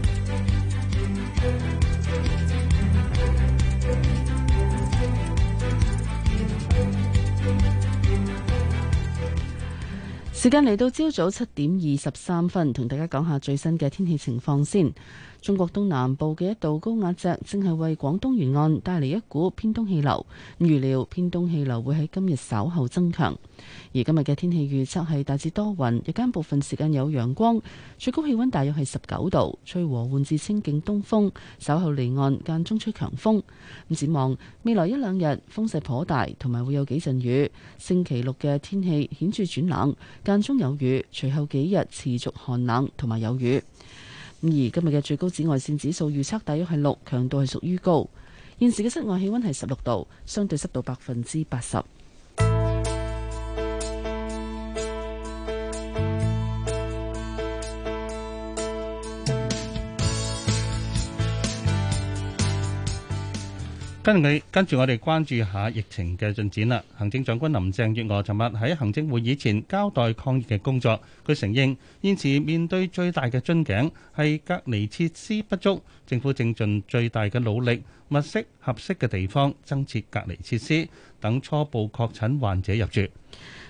時間嚟到朝早七點二十三分，同大家講下最新嘅天氣情況先。中國東南部嘅一道高壓脊正係為廣東沿岸帶嚟一股偏東氣流，預料偏東氣流會喺今日稍後增強。而今日嘅天氣預測係大致多雲，日間部分時間有陽光，最高氣溫大約係十九度，吹和緩至清勁東風，稍後離岸間中吹強風。咁展望未來一兩日風勢頗大，同埋會有幾陣雨。星期六嘅天氣顯著轉冷，間中有雨，隨後幾日持續寒冷同埋有雨。而今日嘅最高紫外線指數預測大約係六，強度係屬於高。現時嘅室外氣溫係十六度，相對濕度百分之八十。跟佢，跟住我哋關注下疫情嘅進展啦。行政長官林鄭月娥尋日喺行政會議前交代抗疫嘅工作，佢承認現時面對最大嘅樽頸係隔離設施不足，政府正盡最大嘅努力物色合適嘅地方增設隔離設施，等初步確診患者入住。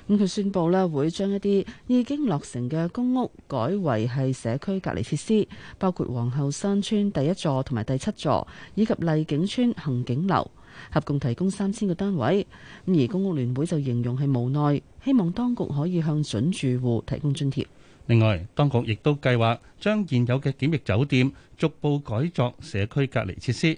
咁佢宣布啦，會將一啲已經落成嘅公屋改為係社區隔離設施，包括皇后山邨第一座同埋第七座，以及麗景邨恒景樓，合共提供三千個單位。咁而公屋聯會就形容係無奈，希望當局可以向準住戶提供津貼。另外，當局亦都計劃將現有嘅檢疫酒店逐步改作社區隔離設施。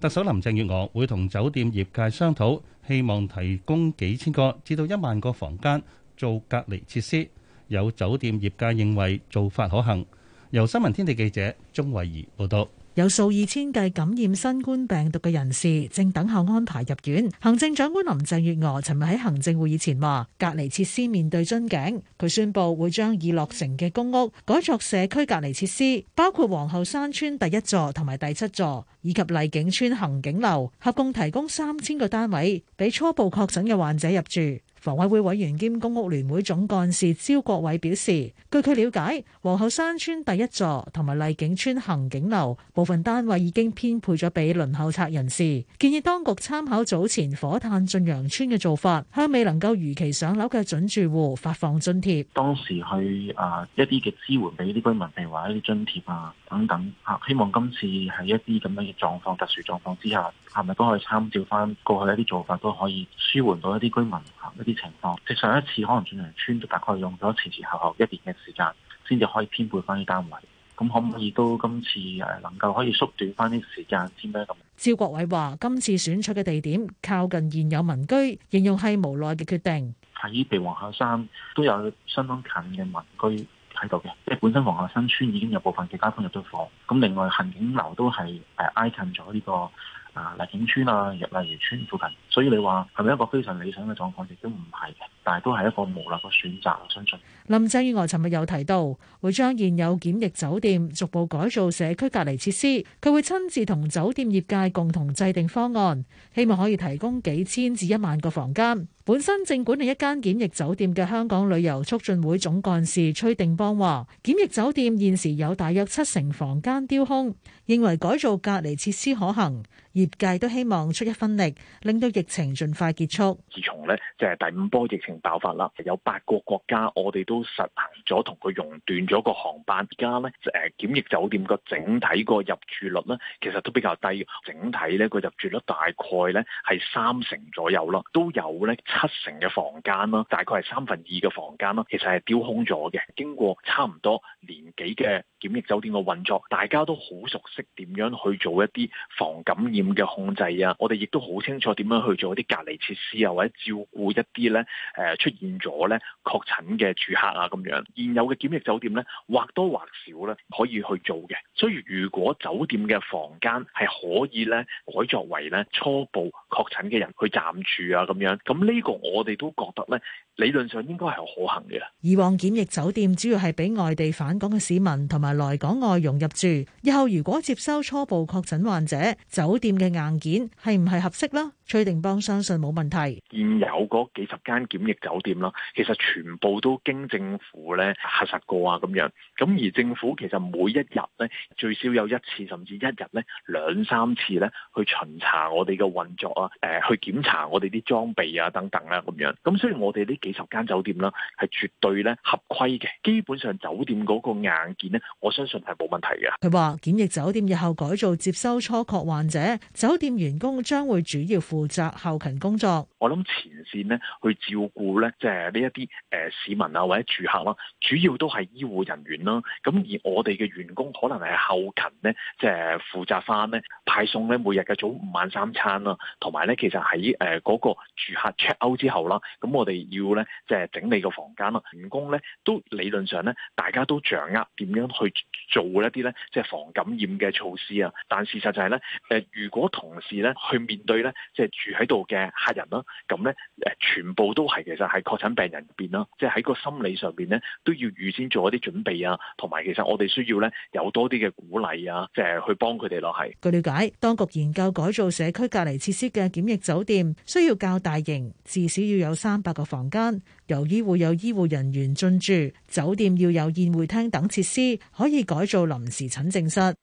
特首林鄭月娥會同酒店業界商討。希望提供幾千個至到一萬個房間做隔離設施，有酒店業界認為做法可行。由新聞天地記者鍾慧怡報道。有數以千計感染新冠病毒嘅人士正等候安排入院。行政長官林鄭月娥尋日喺行政會議前話，隔離設施面對樽頸，佢宣布會將已落成嘅公屋改作社區隔離設施，包括皇后山邨第一座同埋第七座，以及麗景邨恆景樓，合共提供三千個單位俾初步確診嘅患者入住。房委會委員兼公屋聯會總幹事招國偉表示，據佢了解，皇后山邨第一座同埋麗景邨恆景樓部分單位已經編配咗俾輪候冊人士，建議當局參考早前火炭駿洋邨嘅做法，向未能夠如期上樓嘅準住戶發放津貼。當時去啊一啲嘅支援俾啲居民，譬如話一啲津貼啊等等吓，希望今次係一啲咁樣嘅狀況，特殊狀況之下。係咪都可以參照翻過去一啲做法，都可以舒緩到一啲居民一啲情況？即係上一次可能轉塘村都大概用咗前前後後一年嘅時間，先至可以編配翻啲單位。咁可唔可以都今次誒能夠可以縮短翻啲時間，先得咁？趙國偉話：今次選取嘅地點靠近現有民居，形容係無奈嘅決定。喺依邊黃下山都有相當近嘅民居喺度嘅，即係本身黃下新村已經有部分嘅街坊入咗房。咁另外行景樓都係誒挨近咗呢個。啊，荔景村啊，亦例如村附近，所以你話係咪一個非常理想嘅狀況，亦都唔係嘅，但係都係一個無力嘅選擇，我相信。林鄭月娥尋日又提到，會將現有檢疫酒店逐步改造社區隔離設施。佢會親自同酒店業界共同制定方案，希望可以提供幾千至一萬個房間。本身正管理一間檢疫酒店嘅香港旅遊促進會總幹事崔定邦話，檢疫酒店現時有大約七成房間丟空，認為改造隔離設施可行。業界都希望出一分力，令到疫情盡快結束。自從呢，就係第五波疫情爆發啦，有八個國家我哋都都實行咗同佢熔斷咗個航班，而家咧誒檢疫酒店個整體個入住率咧，其實都比較低。整體咧個入住率大概咧係三成左右咯，都有咧七成嘅房間咯，大概係三分二嘅房間咯，其實係丟空咗嘅。經過差唔多年幾嘅檢疫酒店嘅運作，大家都好熟悉點樣去做一啲防感染嘅控制啊！我哋亦都好清楚點樣去做一啲隔離設施啊，或者照顧一啲咧誒出現咗咧確診嘅住客。啊咁樣，現有嘅檢疫酒店呢，或多或少呢，可以去做嘅。所以如果酒店嘅房間係可以呢，改作為呢初步確診嘅人去暫住啊咁樣，咁呢個我哋都覺得呢，理論上應該係可行嘅啦。以往檢疫酒店主要係俾外地返港嘅市民同埋來港外傭入住，以後如果接收初步確診患者，酒店嘅硬件係唔係合適呢？崔定邦相信冇問題。現有嗰幾十間檢疫酒店啦，其實全部都經政府咧核實過啊，咁樣咁而政府其實每一日咧最少有一次，甚至一日咧兩三次咧去巡查我哋嘅運作啊，誒，去檢查我哋啲裝備啊等等啦，咁樣。咁所以我哋呢幾十間酒店啦係絕對咧合規嘅，基本上酒店嗰個硬件咧，我相信係冇問題嘅。佢話檢疫酒店日後改造接收初確患者，酒店員工將會主要負責後勤工作。我諗前線咧去照顧咧，即係呢一啲誒市民啊，或者。住客啦，主要都係醫護人員啦，咁而我哋嘅員工可能係後勤咧，即係負責翻咧派送咧，每日嘅早午晚三餐啦，同埋咧，其實喺誒嗰個住客 check out 之後啦，咁我哋要咧即係整理個房間啦，員工咧都理論上咧，大家都掌握點樣去做一啲咧，即係防感染嘅措施啊。但事實就係咧，誒如果同事咧去面對咧，即係住喺度嘅客人啦，咁咧誒全部都係其實係確診病人入邊啦，即係喺個心理。上邊呢都要預先做一啲準備啊，同埋其實我哋需要呢有多啲嘅鼓勵啊，即係去幫佢哋咯。係，據了解，當局研究改造社區隔離設施嘅檢疫酒店，需要較大型，至少要有三百個房間。由於會有醫護人員進駐，酒店要有宴會廳等設施，可以改造臨時診症室。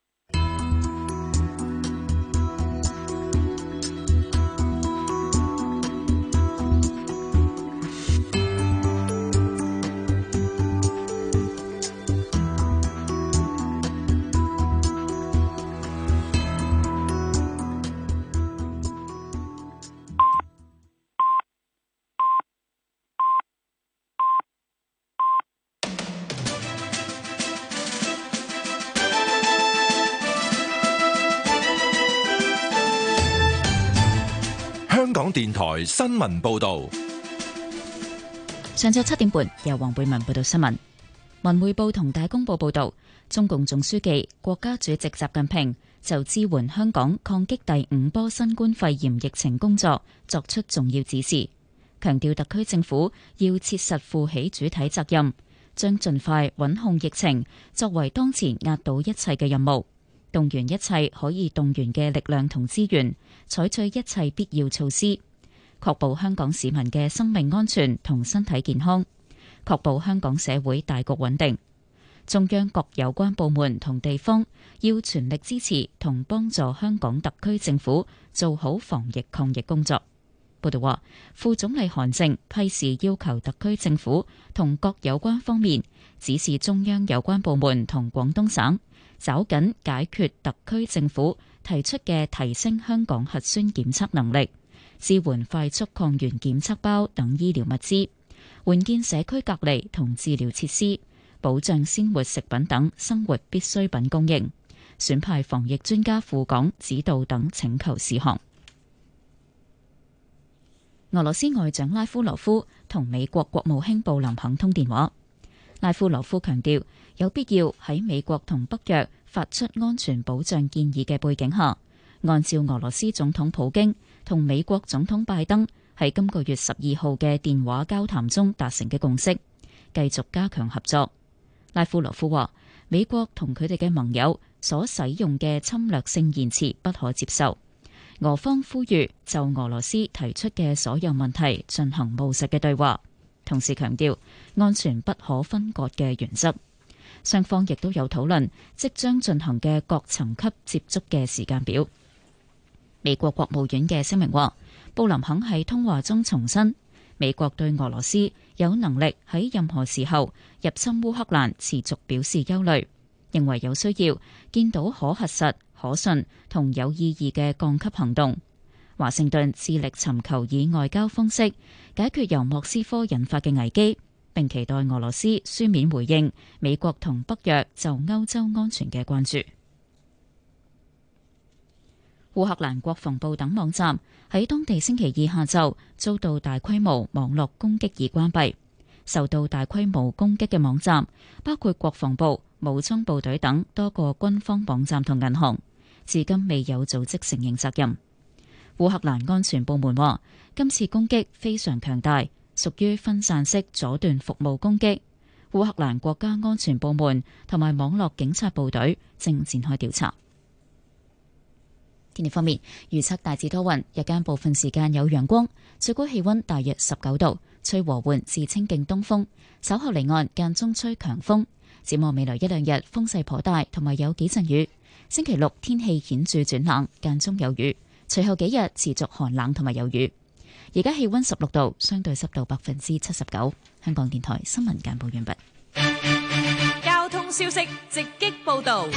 電台新聞報道，上晝七點半由黃貝文報道新聞。文匯報同大公報報道，中共總書記、國家主席習近平就支援香港抗擊第五波新冠肺炎疫情工作作出重要指示，強調特區政府要切實負起主體責任，將盡快穩控疫情作為當前壓倒一切嘅任務。動員一切可以動員嘅力量同資源，採取一切必要措施，確保香港市民嘅生命安全同身體健康，確保香港社會大局穩定。中央各有關部門同地方要全力支持同幫助香港特區政府做好防疫抗疫工作。報道話，副總理韓正批示要求特區政府同各有關方面指示中央有關部門同廣東省。找緊解決特區政府提出嘅提升香港核酸檢測能力、支援快速抗原檢測包等醫療物資、援建社區隔離同治療設施、保障鮮活食品等生活必需品供應、選派防疫專家赴港指導等請求事項。俄羅斯外長拉夫羅夫同美國國務卿布林肯通電話。拉夫羅夫強調，有必要喺美國同北約發出安全保障建議嘅背景下，按照俄羅斯總統普京同美國總統拜登喺今個月十二號嘅電話交談中達成嘅共識，繼續加強合作。拉夫羅夫話：美國同佢哋嘅盟友所使用嘅侵略性言辭不可接受。俄方呼籲就俄羅斯提出嘅所有問題進行務實嘅對話。同時強調安全不可分割嘅原則，雙方亦都有討論即將進行嘅各層級接觸嘅時間表。美國國務院嘅聲明話，布林肯喺通話中重申美國對俄羅斯有能力喺任何時候入侵烏克蘭持續表示憂慮，認為有需要見到可核實、可信同有意義嘅降級行動。華盛頓致力尋求以外交方式。解決由莫斯科引發嘅危機，並期待俄羅斯書面回應美國同北約就歐洲安全嘅關注。烏克蘭國防部等網站喺當地星期二下晝遭到大規模網絡攻擊而關閉。受到大規模攻擊嘅網站包括國防部、武裝部隊等多個軍方網站同銀行，至今未有組織承認責任。烏克蘭安全部門話，今次攻擊非常強大，屬於分散式阻斷服務攻擊。烏克蘭國家安全部門同埋網絡警察部隊正展開調查。天氣方面，預測大致多雲，日間部分時間有陽光，最高氣溫大約十九度，吹和緩至清勁東風。稍後離岸間中吹強風。展望未來一兩日，風勢頗大，同埋有幾陣雨。星期六天氣顯著轉冷，間中有雨。隨後幾日持續寒冷同埋有雨，而家氣溫十六度，相對濕度百分之七十九。香港電台新聞簡報完畢。交通消息直擊報道。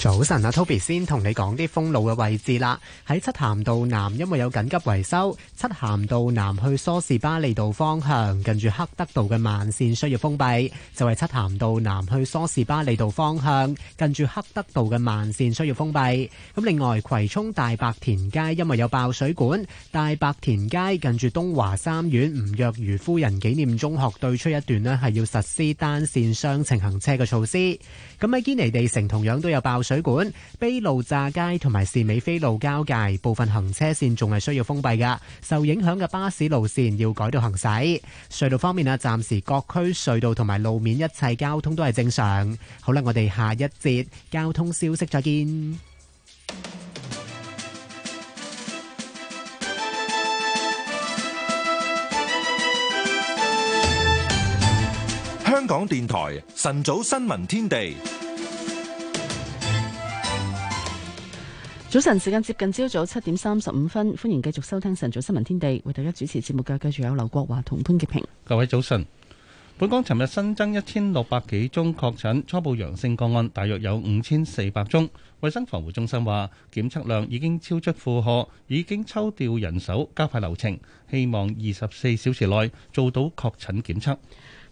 早晨啊，Toby 先同你講啲封路嘅位置啦。喺漆咸道南，因為有緊急維修，漆咸道南去梳士巴利道方向，近住黑德道嘅慢線需要封閉，就係漆咸道南去梳士巴利道方向，近住黑德道嘅慢線需要封閉。咁另外，葵涌大白田街因為有爆水管，大白田街近住東華三院伍若瑜夫人紀念中學對出一段呢，係要實施單線雙程行車嘅措施。咁喺堅尼地城同樣都有爆水管，卑路乍街同埋士美菲路交界部分行車綫仲係需要封閉噶，受影響嘅巴士路綫要改道行駛。隧道方面啊，暫時各區隧道同埋路面一切交通都係正常。好啦，我哋下一節交通消息再見。香港電台晨早新聞天地，早晨時間接近朝早七點三十五分，歡迎繼續收聽晨早新聞天地，為大家主持節目嘅繼續有劉國華同潘潔平。各位早晨，本港尋日新增一千六百幾宗確診，初步陽性個案大約有五千四百宗。衛生防護中心話，檢測量已經超出負荷，已經抽調人手加快流程，希望二十四小時內做到確診檢測。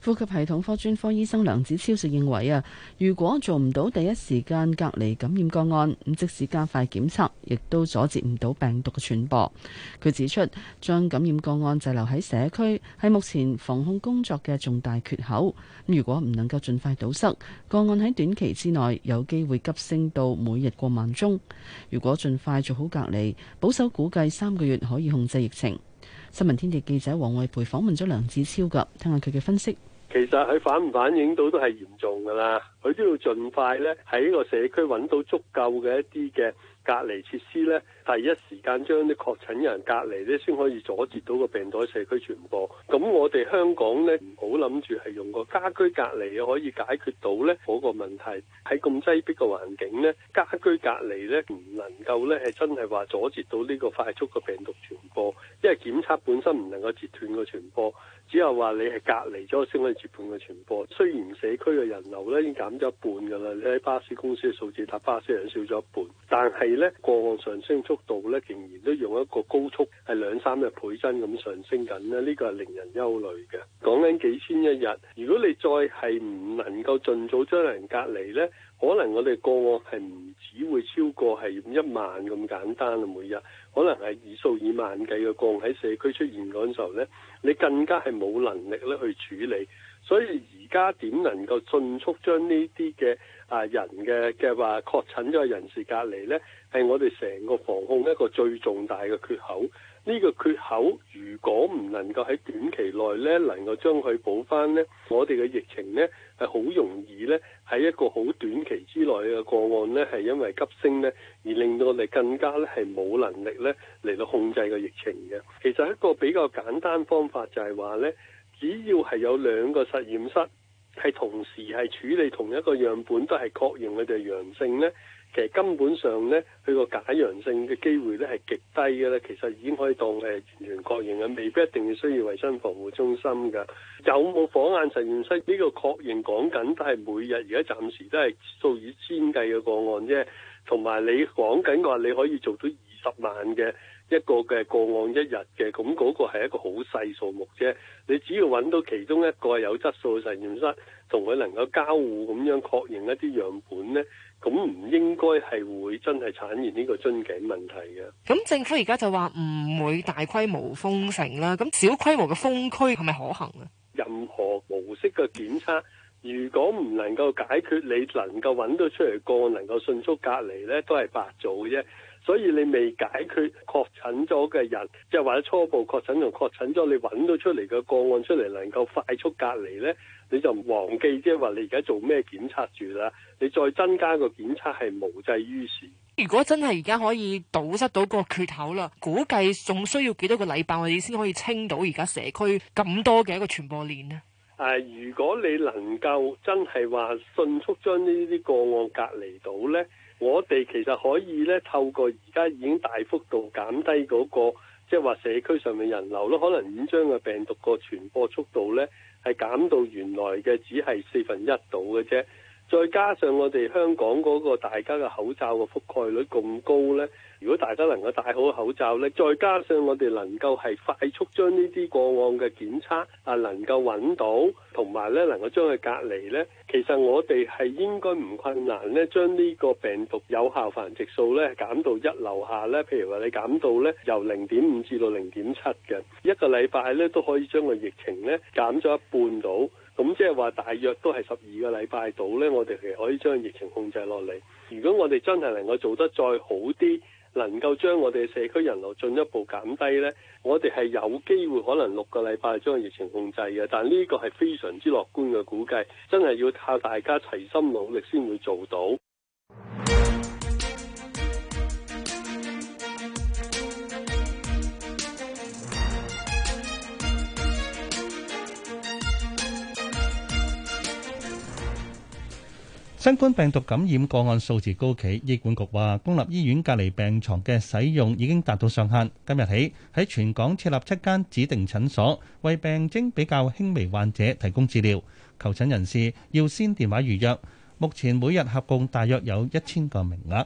呼吸系統科專科醫生梁子超就認為啊，如果做唔到第一時間隔離感染個案，咁即使加快檢測，亦都阻止唔到病毒嘅傳播。佢指出，將感染個案滯留喺社區係目前防控工作嘅重大缺口。咁如果唔能夠盡快堵塞，個案喺短期之內有機會急升到每日過萬宗。如果盡快做好隔離，保守估計三個月可以控制疫情。新聞天地記者黃慧培訪問咗梁子超噶，聽下佢嘅分析。其實佢反唔反映到都係嚴重㗎啦，佢都要盡快咧喺呢個社區揾到足夠嘅一啲嘅隔離設施咧。第一時間將啲確診人隔離咧，先可以阻截到個病毒喺社區傳播。咁我哋香港咧，唔好諗住係用個家居隔離可以解決到咧嗰個問題。喺咁擠迫嘅環境咧，家居隔離咧唔能夠咧係真係話阻截到呢個快速嘅病毒傳播，因為檢測本身唔能夠截斷個傳播，只有話你係隔離咗先可以截斷個傳播。雖然社區嘅人流咧已經減咗一半噶啦，你喺巴士公司嘅數字搭巴士人少咗一半，但係咧個案上升速度咧仍然都用一個高速係兩三日倍增咁上升緊咧，呢個係令人憂慮嘅。講緊幾千一日，如果你再係唔能夠盡早將人隔離咧，可能我哋個案係唔止會超過係用一萬咁簡單啊，每日可能係以數以萬計嘅個案喺社區出現嗰陣時候咧，你更加係冇能力咧去處理，所以而家點能夠迅速將呢啲嘅？啊！人嘅嘅話確診咗嘅人士隔離咧，係我哋成個防控一個最重大嘅缺口。呢個缺口如果唔能夠喺短期內咧，能夠將佢補翻咧，我哋嘅疫情咧係好容易咧喺一個好短期之內嘅個案咧，係因為急升咧，而令到我哋更加咧係冇能力咧嚟到控制個疫情嘅。其實一個比較簡單方法就係話咧，只要係有兩個實驗室。係同時係處理同一個樣本都係確認佢哋、就是、陽性呢，其實根本上呢，佢個假陽性嘅機會呢係極低嘅咧，其實已經可以當係完全確認嘅，未必一定要需要衞生防護中心噶。有冇火眼實驗室呢個確認講緊？都係每日而家暫時都係數以千計嘅個案啫，同埋你講緊話你可以做到二十萬嘅。一個嘅個案一日嘅，咁嗰個係一個好細數目啫。你只要揾到其中一個有質素嘅實驗室，同佢能夠交互咁樣確認一啲樣本呢，咁唔應該係會真係產現呢個樽頸問題嘅。咁政府而家就話唔會大規模封城啦，咁小規模嘅封區係咪可行啊？任何模式嘅檢測，如果唔能夠解決，你能夠揾到出嚟個案能夠迅速隔離呢，都係白做嘅啫。所以你未解決確診咗嘅人，即係或者初步確診同確診咗，你揾到出嚟嘅個案出嚟能夠快速隔離呢，你就唔忘記即係話你而家做咩檢測住啦。你再增加個檢測係無濟於事。如果真係而家可以堵塞到個缺口啦，估計仲需要幾多個禮拜我哋先可以清到而家社區咁多嘅一個傳播鏈呢？啊，如果你能夠真係話迅速將呢啲個案隔離到呢。我哋其實可以咧，透過而家已經大幅度減低嗰個，即係話社區上面人流咯，可能已經將個病毒個傳播速度咧，係減到原來嘅只係四分一度嘅啫。再加上我哋香港嗰個大家嘅口罩嘅覆蓋率咁高咧，如果大家能夠戴好口罩咧，再加上我哋能夠係快速將呢啲過往嘅檢測啊能夠揾到，同埋咧能夠將佢隔離咧，其實我哋係應該唔困難咧，將呢個病毒有效繁殖數咧減到一樓下咧，譬如話，你減到咧由零點五至到零點七嘅一個禮拜咧都可以將個疫情咧減咗一半到。咁即係話大約都係十二個禮拜到呢，我哋其實可以將疫情控制落嚟。如果我哋真係能夠做得再好啲，能夠將我哋社區人流進一步減低呢，我哋係有機會可能六個禮拜將疫情控制嘅。但呢個係非常之樂觀嘅估計，真係要靠大家齊心努力先會做到。新冠病毒感染個案數字高企，醫管局話公立醫院隔離病床嘅使用已經達到上限。今日起喺全港設立七間指定診所，為病徵比較輕微患者提供治療，求診人士要先電話預約，目前每日合共大約有一千個名額。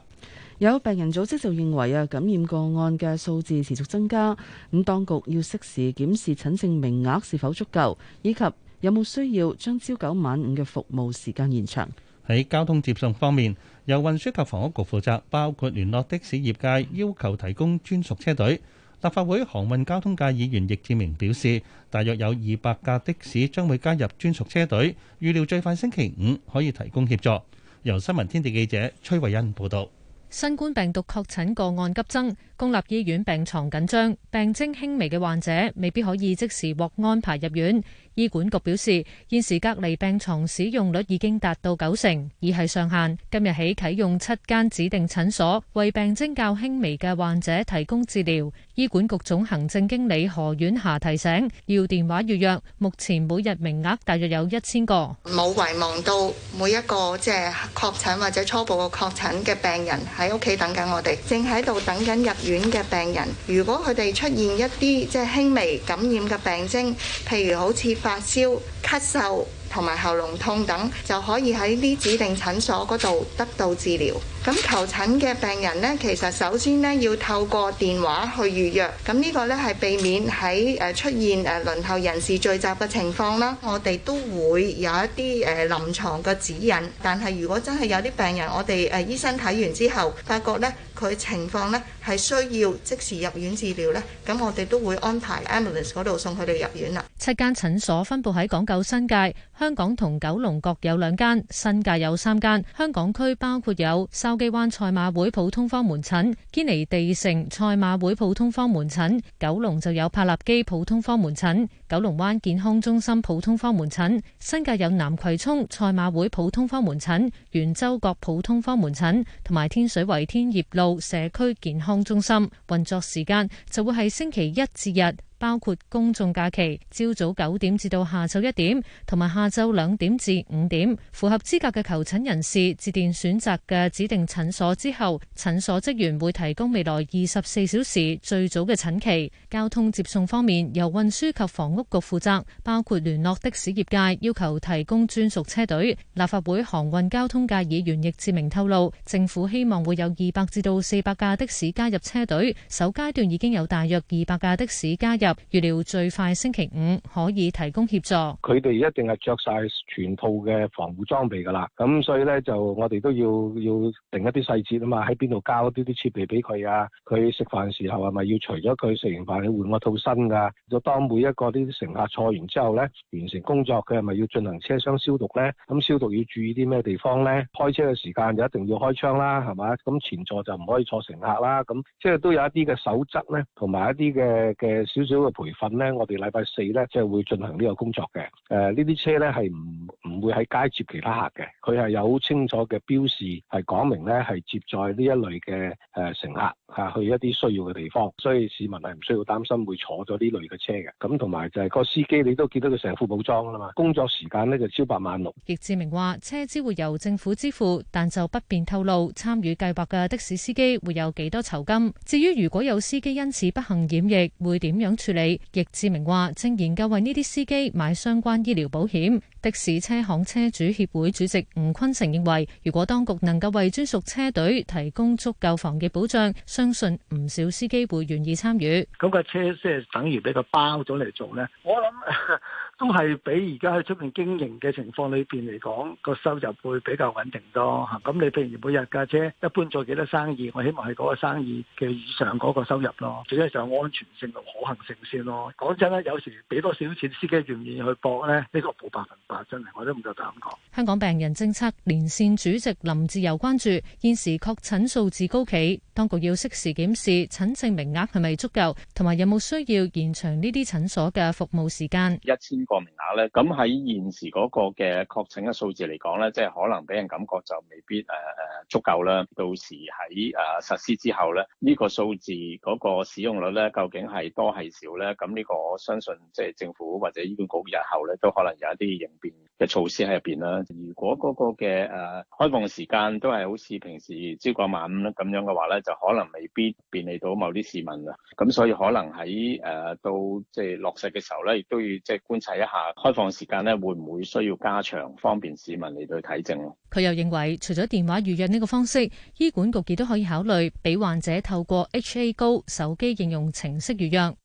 有病人組織就認為啊，感染個案嘅數字持續增加，咁當局要適時檢視診症名額是否足夠，以及有冇需要將朝九晚五嘅服務時間延長。喺交通接送方面，由運輸及房屋局負責，包括聯絡的士業界要求提供專屬車隊。立法會航運交通界議員易志明表示，大約有二百架的士將會加入專屬車隊，預料最快星期五可以提供協助。由新聞天地記者崔慧欣報導。新冠病毒確診個案急增，公立醫院病床緊張，病徵輕微嘅患者未必可以即時獲安排入院。醫管局表示，現時隔離病床使用率已經達到九成，已係上限。今日起啟用七間指定診所，為病徵較輕微嘅患者提供治療。醫管局總行政經理何婉霞提醒，要電話預約，目前每日名額大約有一千個。冇遺忘到每一個即係確診或者初步嘅確診嘅病人喺屋企等緊我哋，正喺度等緊入院嘅病人。如果佢哋出現一啲即係輕微感染嘅病徵，譬如好似發燒、咳嗽同埋喉嚨痛等，就可以喺呢指定診所嗰度得到治療。咁求診嘅病人呢，其實首先呢，要透過電話去預約，咁呢個呢，係避免喺誒出現誒輪候人士聚集嘅情況啦。我哋都會有一啲誒臨床嘅指引，但係如果真係有啲病人，我哋誒醫生睇完之後，發覺呢，佢情況呢係需要即時入院治療呢。咁我哋都會安排 Ambulance 嗰度送佢哋入院啦。七間診所分佈喺港九新界，香港同九龍各有兩間，新界有三間。香港區包括有收基灣賽馬會普通科門診、堅尼地城賽馬會普通科門診、九龍就有柏立基普通科門診、九龍灣健康中心普通科門診、新界有南葵涌賽馬會普通科門診、圓洲角普通科門診，同埋天水圍天業路社區健康中心，運作時間就會係星期一至日。包括公眾假期，朝早九點至到下晝一點，同埋下晝兩點至五點，符合資格嘅求診人士致電選擇嘅指定診所之後，診所職員會提供未來二十四小時最早嘅診期。交通接送方面由運輸及房屋局負責，包括聯絡的士業界要求提供專屬車隊。立法會航運交通界議員易志明透露，政府希望會有二百至到四百架的士加入車隊，首階段已經有大約二百架的士加入。預料最快星期五可以提供協助。佢哋一定係着晒全套嘅防護裝備噶啦，咁所以咧就我哋都要要定一啲細節啊嘛，喺邊度交一啲啲設備俾佢啊？佢食飯時候係咪要除咗？佢食完飯，要換個套身噶，啊？就當每一個呢啲乘客坐完之後咧，完成工作，佢係咪要進行車廂消毒咧？咁消毒要注意啲咩地方咧？開車嘅時間就一定要開窗啦，係嘛？咁前座就唔可以坐乘客啦，咁即係都有一啲嘅守則咧，同埋一啲嘅嘅少少。嘅培訓呢，我哋禮拜四呢，即係會進行呢個工作嘅。誒，呢啲車呢，係唔唔會喺街接其他客嘅，佢係有清楚嘅標示，係講明呢，係接載呢一類嘅誒乘客嚇去一啲需要嘅地方，所以市民係唔需要擔心會坐咗呢類嘅車嘅。咁同埋就係個司機，你都見到佢成副武裝啦嘛。工作時間呢，就朝八晚六。易志明話，車資會由政府支付，但就不便透露參與計劃嘅的的士司機會有幾多酬金。至於如果有司機因此不幸染疫，會點樣處？李易志明話：正研究為呢啲司機買相關醫療保險。的士車行車主協會主席吳坤成認為，如果當局能夠為專屬車隊提供足夠防疫保障，相信唔少司機會願意參與。咁架車即係等於俾佢包咗嚟做呢？我諗。 都係比而家喺出面經營嘅情況裏邊嚟講，個收入會比較穩定多嚇。咁你譬如每日架車一般做幾多生意，我希望係嗰個生意嘅以上嗰個收入咯。最緊要就係安全性同可行性先咯。講真咧，有時俾多少錢司機願意去搏呢？呢個都冇百分百真係，我都唔夠膽講。香港病人政策連線主席林志由關注現時確診數字高企，當局要適時檢視診症名額係咪足夠，同埋有冇需要延長呢啲診所嘅服務時間。一千。個名額咧，咁喺現時嗰個嘅確診嘅數字嚟講咧，即係可能俾人感覺就未必誒誒、呃呃、足夠啦。到時喺誒、呃、實施之後咧，呢、呢個數字嗰個使用率咧，究竟係多係少咧？咁呢個我相信即係政府或者醫管局日後咧，都可能有一啲應變。嘅措施喺入邊啦。如果嗰個嘅誒開放時間都係好似平時朝九晚五咁樣嘅話咧，就可能未必便利到某啲市民啦，咁所以可能喺誒到即係落實嘅時候咧，亦都要即係觀察一下開放時間咧，會唔會需要加長，方便市民嚟到去睇症咯。佢又認為，除咗電話預約呢個方式，醫管局亦都可以考慮俾患者透過 H A 高手機應用程式預約。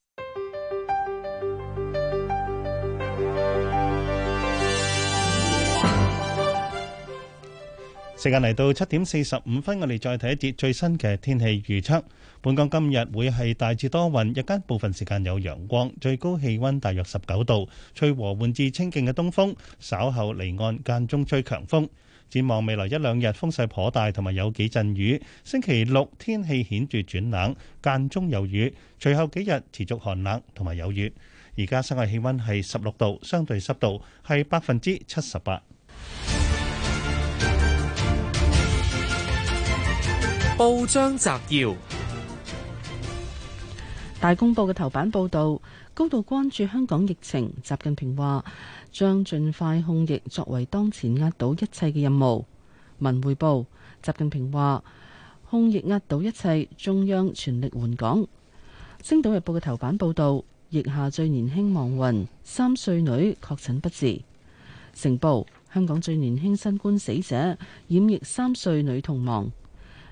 時間嚟到七點四十五分，我哋再睇一節最新嘅天氣預測。本港今日會係大致多雲，日間部分時間有陽光，最高氣溫大約十九度，吹和緩至清勁嘅東風，稍後離岸間中吹強風。展望未來一兩日風勢頗大，同埋有幾陣雨。星期六天氣顯著轉冷，間中有雨，隨後幾日持續寒冷同埋有雨。而家室外氣溫係十六度，相對濕度係百分之七十八。報章摘要：大公報嘅頭版報道，高度關注香港疫情。習近平話將盡快控疫，作為當前壓倒一切嘅任務。文匯報：習近平話控疫壓倒一切，中央全力援港。星島日報嘅頭版報道：疫下最年輕亡魂，三歲女確診不治。成報：香港最年輕新冠死者染疫三歲女童亡。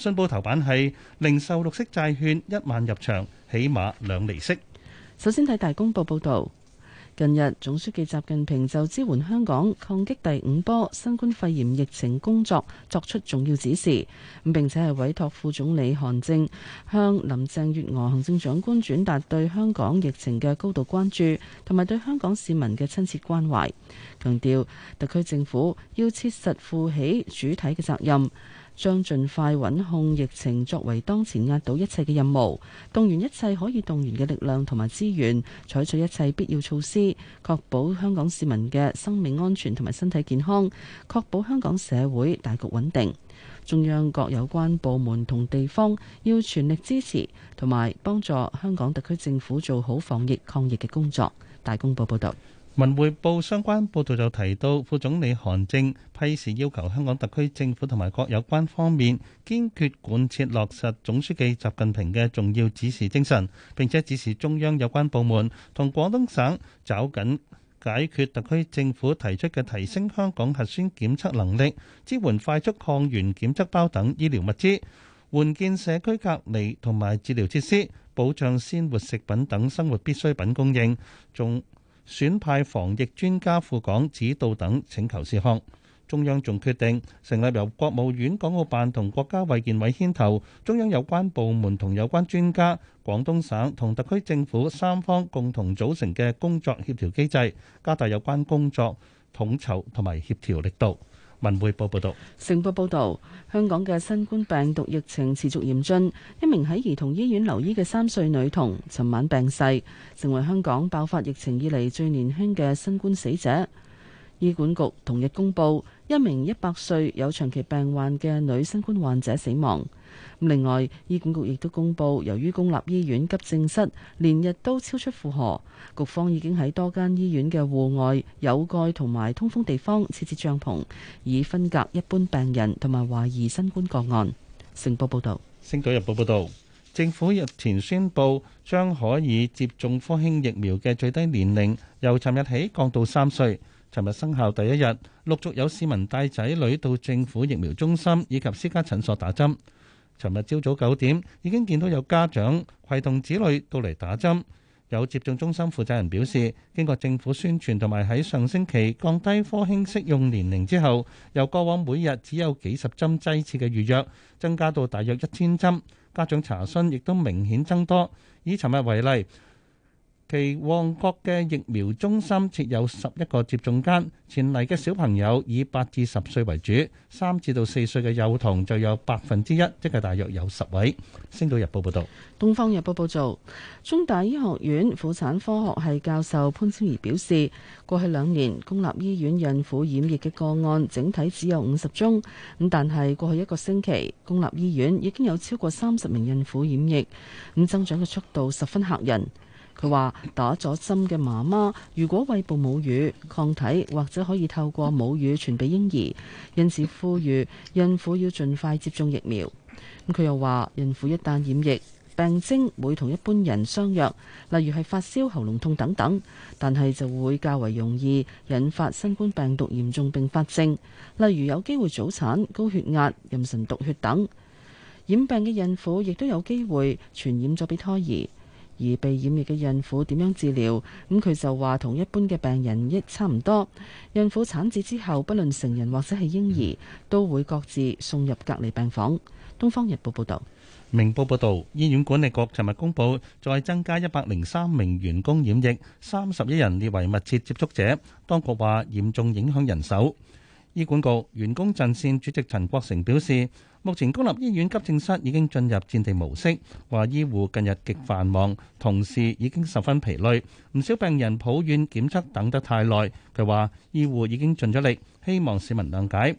信報頭版係零售綠色債券一萬入場，起碼兩釐息。首先睇大公報報導，近日總書記習近平就支援香港抗擊第五波新冠肺炎疫情工作作出重要指示，咁並且係委託副總理韓正向林鄭月娥行政長官轉達對香港疫情嘅高度關注，同埋對香港市民嘅親切關懷，強調特區政府要切實負起主體嘅責任。將盡快穩控疫情作為當前壓倒一切嘅任務，動員一切可以動員嘅力量同埋資源，採取一切必要措施，確保香港市民嘅生命安全同埋身體健康，確保香港社會大局穩定。中央各有關部門同地方要全力支持同埋幫助香港特區政府做好防疫抗疫嘅工作。大公報報道。文匯報相關報道就提到，副總理韓正批示要求香港特區政府同埋各有關方面堅決貫徹落實總書記習近平嘅重要指示精神，並且指示中央有關部門同廣東省抓緊解決特區政府提出嘅提升香港核酸檢測能力、支援快速抗原檢測包等醫療物資、援建社區隔離同埋治療設施、保障鮮活食品等生活必需品供應，仲選派防疫專家赴港指導等請求事項，中央仲決定成立由國務院港澳辦同國家衛健委牽頭，中央有關部門同有關專家、廣東省同特區政府三方共同組成嘅工作協調機制，加大有關工作統籌同埋協調力度。文匯報報道，成報報道，香港嘅新冠病毒疫情持續嚴峻。一名喺兒童醫院留醫嘅三歲女童，尋晚病逝，成為香港爆發疫情以嚟最年輕嘅新冠死者。醫管局同日公布，一名一百歲有長期病患嘅女新冠患者死亡。另外，醫管局亦都公布，由於公立醫院急症室連日都超出負荷，局方已經喺多間醫院嘅戶外有蓋同埋通風地方設置帳篷，以分隔一般病人同埋懷疑新冠個案。成報報道，星島日報報道，政府日前宣布將可以接種科興疫苗嘅最低年齡由尋日起降到三歲。尋日生效第一日，陸續有市民帶仔女到政府疫苗中心以及私家診所打針。尋日朝早九點已經見到有家長攜同子女到嚟打針。有接種中心負責人表示，經過政府宣傳同埋喺上星期降低科興適用年齡之後，由過往每日只有幾十針劑次嘅預約，增加到大約一千針。家長查詢亦都明顯增多。以尋日為例。其旺角嘅疫苗中心設有十一個接種間，前嚟嘅小朋友以八至十歲為主，三至到四歲嘅幼童就有百分之一，即係大約有十位。星島日報報道。東方日報報道，中大醫學院婦產科學系教授潘昭頴表示，過去兩年公立醫院孕婦染疫嘅個案整體只有五十宗，咁但係過去一個星期，公立醫院已經有超過三十名孕婦染疫，咁增長嘅速度十分吓人。佢話：打咗針嘅媽媽，如果餵哺母乳，抗體或者可以透過母乳傳俾嬰兒。因此，呼籲孕婦要盡快接種疫苗。咁佢又話：孕婦一旦染疫，病徵會同一般人相若，例如係發燒、喉嚨痛等等，但係就會較為容易引發新冠病毒嚴重併發症，例如有機會早產、高血壓、妊娠毒血等。染病嘅孕婦亦都有機會傳染咗俾胎兒。而被染疫嘅孕婦點樣治療？咁、嗯、佢就話同一般嘅病人亦差唔多。孕婦產子之後，不論成人或者係嬰兒，都會各自送入隔離病房。《東方日報》報道，《明報》報道，醫院管理局尋日公佈再增加一百零三名員工染疫，三十一人列為密切接觸者。當局話嚴重影響人手。醫管局員工陣線主席陳國成表示。目前公立醫院急症室已經進入戰地模式，話醫護近日極繁忙，同事已經十分疲累。唔少病人抱怨檢測等得太耐，佢話醫護已經盡咗力，希望市民諒解。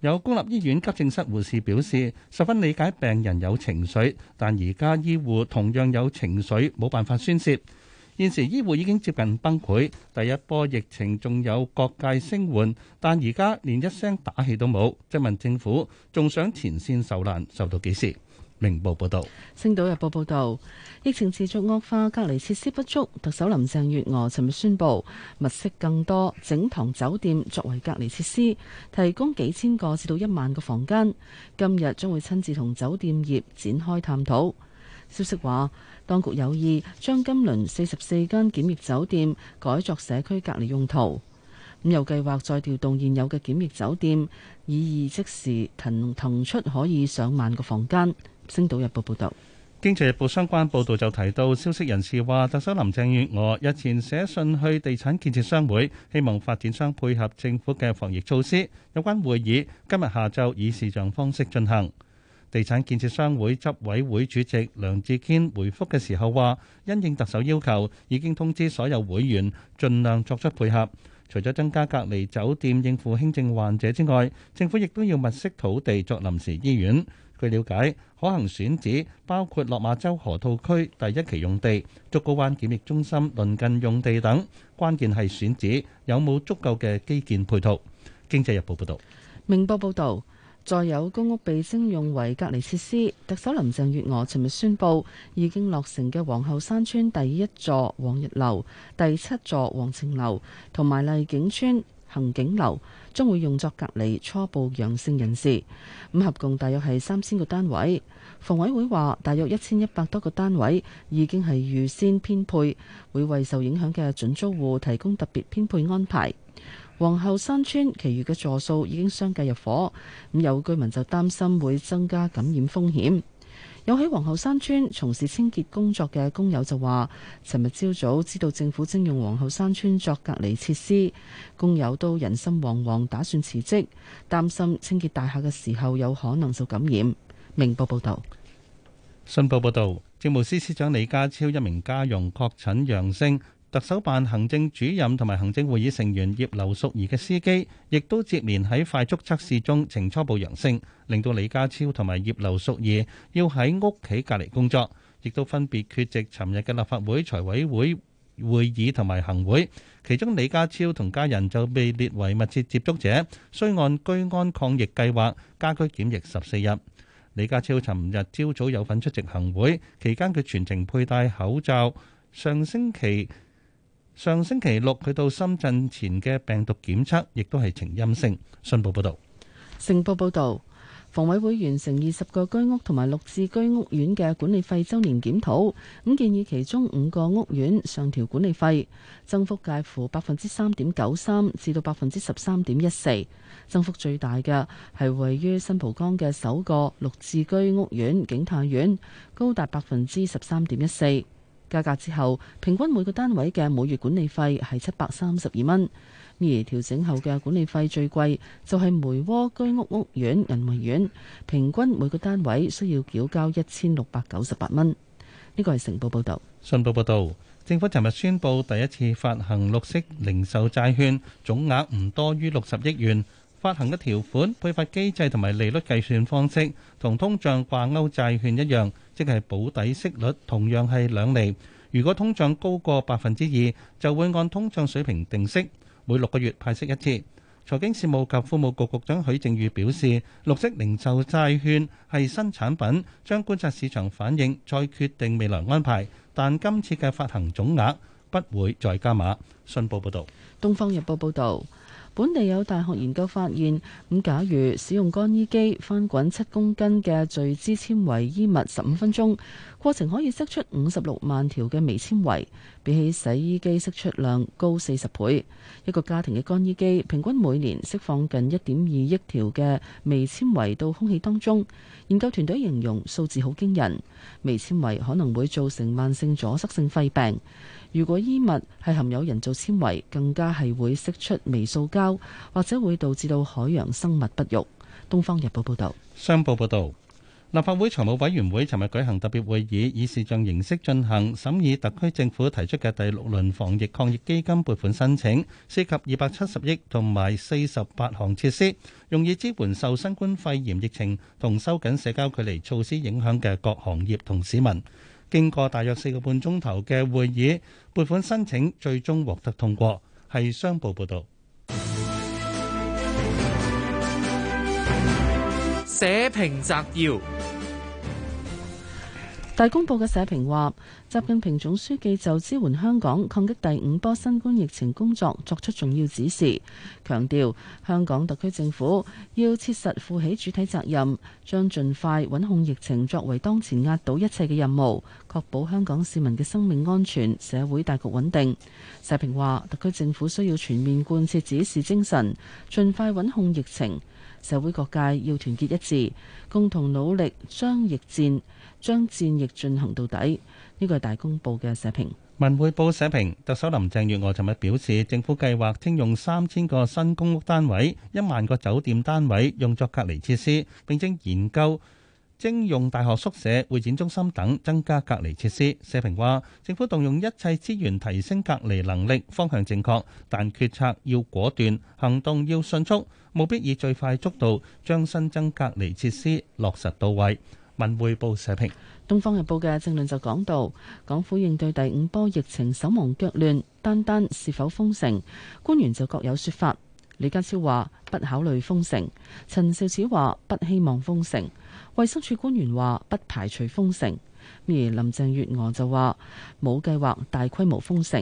有公立醫院急症室護士表示，十分理解病人有情緒，但而家醫護同樣有情緒，冇辦法宣泄。現時醫護已經接近崩潰，第一波疫情仲有各界聲援，但而家連一聲打氣都冇。質問政府仲想前線受難，受到幾時？明報報道：《星島日報》報道，疫情持續惡化，隔離設施不足。特首林鄭月娥尋日宣布，物色更多整堂酒店作為隔離設施，提供幾千個至到一萬個房間。今日將會親自同酒店業展開探討。消息話，當局有意將金輪四十四間檢疫酒店改作社區隔離用途，咁又計劃再調動現有嘅檢疫酒店，以二即時騰騰出可以上萬個房間。星島日報報道。《經濟日報》相關報導就提到，消息人士話，特首林鄭月娥日前寫信去地產建設商會，希望發展商配合政府嘅防疫措施。有關會議今日下晝以視像方式進行。地產建設商會執委會主席梁志堅回覆嘅時候話，因應特首要求，已經通知所有會員盡量作出配合。除咗增加隔離酒店應付輕症患者之外，政府亦都要物色土地作臨時醫院。據了解，可行選址包括落馬洲河套區第一期用地、竹篙灣檢疫中心鄰近用地等。關鍵係選址有冇足夠嘅基建配套。經濟日報報道，明報報道。再有公屋被徵用為隔離設施，特首林鄭月娥尋日宣布，已經落成嘅皇后山邨第一座黃日樓、第七座黃晴樓同埋麗景邨恆景樓，將會用作隔離初步陽性人士，咁合共大約係三千個單位。房委會話，大約一千一百多個單位已經係預先編配，會為受影響嘅準租戶提供特別編配安排。皇后山邨其餘嘅座數已經相繼入伙，咁有居民就擔心會增加感染風險。有喺皇后山邨從事清潔工作嘅工友就話，尋日朝早知道政府徵用皇后山邨作隔離設施，工友都人心惶惶，打算辭職，擔心清潔大廈嘅時候有可能受感染。明報報道：「信報報道，政務司司長李家超一名家傭確診陽性。特首辦行政主任同埋行政會議成員葉劉淑儀嘅司機，亦都接連喺快速測試中呈初步陽性，令到李家超同埋葉劉淑儀要喺屋企隔離工作，亦都分別缺席尋日嘅立法會財委會會議同埋行會。其中李家超同家人就被列為密切接觸者，需按居安抗疫計劃家居檢疫十四日。李家超尋日朝早有份出席行會，期間佢全程佩戴口罩。上星期上星期六去到深圳前嘅病毒檢測亦都係呈陰性。信報報道，城報報道，房委會完成二十個居屋同埋六字居屋苑嘅管理費周年檢討，咁建議其中五個屋苑上調管理費，增幅介乎百分之三點九三至到百分之十三點一四，增幅最大嘅係位於新蒲崗嘅首個六字居屋苑景泰苑，高達百分之十三點一四。加價之後，平均每個單位嘅每月管理費係七百三十二蚊，而調整後嘅管理費最貴就係梅窩居屋屋苑、仁愛苑，平均每個單位需要繳交一千六百九十八蚊。呢個係成報報導。信報報導，政府尋日宣布第一次發行綠色零售債券，總額唔多於六十億元。發行嘅條款、配發機制同埋利率計算方式同通脹掛鈎債券一樣。即係保底息率同樣係兩釐，如果通脹高過百分之二，就會按通脹水平定息，每六個月派息一次。財經事務及庫務局局長許正宇表示，綠色零售債券係新產品，將觀察市場反應，再決定未來安排。但今次嘅發行總額不會再加碼。信報報道，《東方日報》報道。本地有大學研究發現，咁假如使用乾衣機翻滾七公斤嘅聚酯纖維衣物十五分鐘，過程可以釋出五十六萬條嘅微纖維，比起洗衣機釋出量高四十倍。一個家庭嘅乾衣機平均每年釋放近一點二億條嘅微纖維到空氣當中。研究團隊形容數字好驚人，微纖維可能會造成慢性阻塞性肺病。如果衣物係含有人造纖維，更加係會釋出微塑膠，或者會導致到海洋生物不育。《東方日報》報導，《商報》報導，立法會財務委員會尋日舉行特別會議，以視像形式進行審議特區政府提出嘅第六輪防疫抗疫基金撥款申請，涉及二百七十億同埋四十八項設施，用以支援受新冠肺炎疫情同收緊社交距離措施影響嘅各行業同市民。經過大約四個半鐘頭嘅會議，撥款申請最終獲得通過。係商報報道。社評摘要。大公報嘅社評話，習近平總書記就支援香港抗擊第五波新冠疫情工作作出重要指示，強調香港特區政府要切實負起主體責任，將盡快穩控疫情作為當前壓倒一切嘅任務，確保香港市民嘅生命安全、社會大局穩定。社評話，特區政府需要全面貫徹指示精神，盡快穩控疫情；社會各界要團結一致，共同努力將疫戰。將戰役進行到底，呢個係大公報嘅社評。文匯報社評，特首林鄭月娥尋日表示，政府計劃徵用三千個新公屋單位、一萬個酒店單位用作隔離設施，並正研究徵用大學宿舍、會展中心等增加隔離設施。社評話，政府動用一切資源提升隔離能力，方向正確，但決策要果斷，行動要迅速，務必以最快速度將新增隔離設施落實到位。文匯報社評：東方日報嘅政論就講到，港府應對第五波疫情手忙腳亂，單單是否封城，官員就各有說法。李家超話不考慮封城，陳肇始話不希望封城，衛生署官員話不排除封城，而林鄭月娥就話冇計劃大規模封城。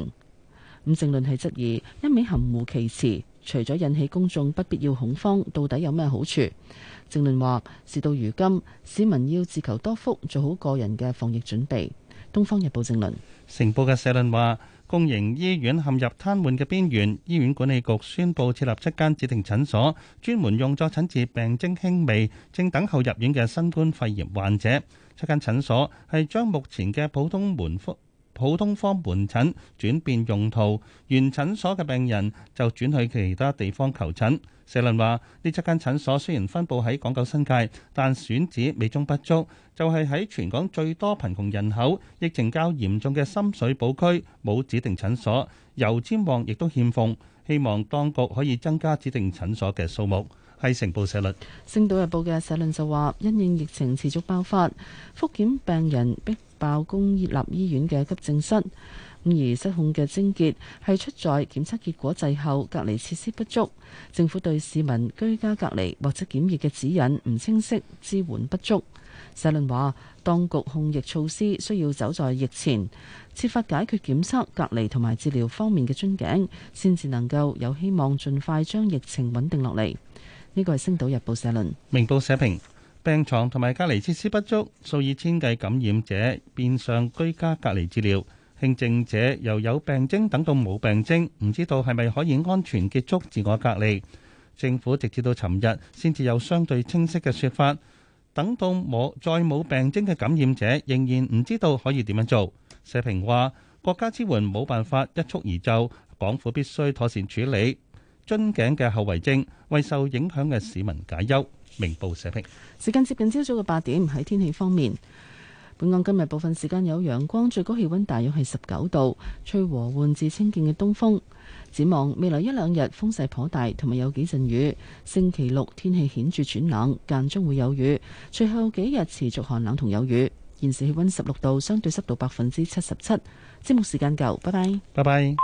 咁政論係質疑，一味含糊其辭。除咗引起公眾不必要恐慌，到底有咩好處？政論話，事到如今，市民要自求多福，做好個人嘅防疫準備。東方日報政論。成報嘅社論話，公營醫院陷入癱瘓嘅邊緣，醫院管理局宣布設立七間指定診所，專門用作診治病徵輕微、正等候入院嘅新冠肺炎患者。七間診所係將目前嘅普通門幅。普通科門診轉變用途，原診所嘅病人就轉去其他地方求診。社論話，呢七間診所雖然分布喺港九新界，但選址美中不足，就係、是、喺全港最多貧窮人口、疫情較嚴重嘅深水埗區冇指定診所。油尖旺亦都欠奉，希望當局可以增加指定診所嘅數目。係成報社論，《星島日報》嘅社論就話因應疫情持續爆發，複檢病人必。爆公立醫院嘅急症室，咁而失控嘅症結係出在檢測結果滯後、隔離設施不足，政府對市民居家隔離或者檢疫嘅指引唔清，清晰、支援不足。社論話，當局控疫措施需要走在疫前，設法解決檢測、隔離同埋治療方面嘅樽頸，先至能夠有希望盡快將疫情穩定落嚟。呢個係《星島日報》社論，《明報》社評。病床同埋隔離設施不足，數以千計感染者變相居家隔離治療，輕症者又有病徵，等到冇病徵，唔知道係咪可以安全結束自我隔離。政府直至到尋日先至有相對清晰嘅説法，等到冇再冇病徵嘅感染者，仍然唔知道可以點樣做。社評話：國家支援冇辦法一蹴而就，港府必須妥善處理樽頸嘅後遺症，為受影響嘅市民解憂。明報社評時間接近朝早嘅八點。喺天氣方面，本港今日部分時間有陽光，最高氣溫大約係十九度，吹和緩至清勁嘅東風。展望未來一兩日風勢頗大，同埋有幾陣雨。星期六天氣顯著轉冷，間中會有雨。隨後幾日持續寒冷同有雨。現時氣溫十六度，相對濕度百分之七十七。節目時間夠，拜拜，拜拜。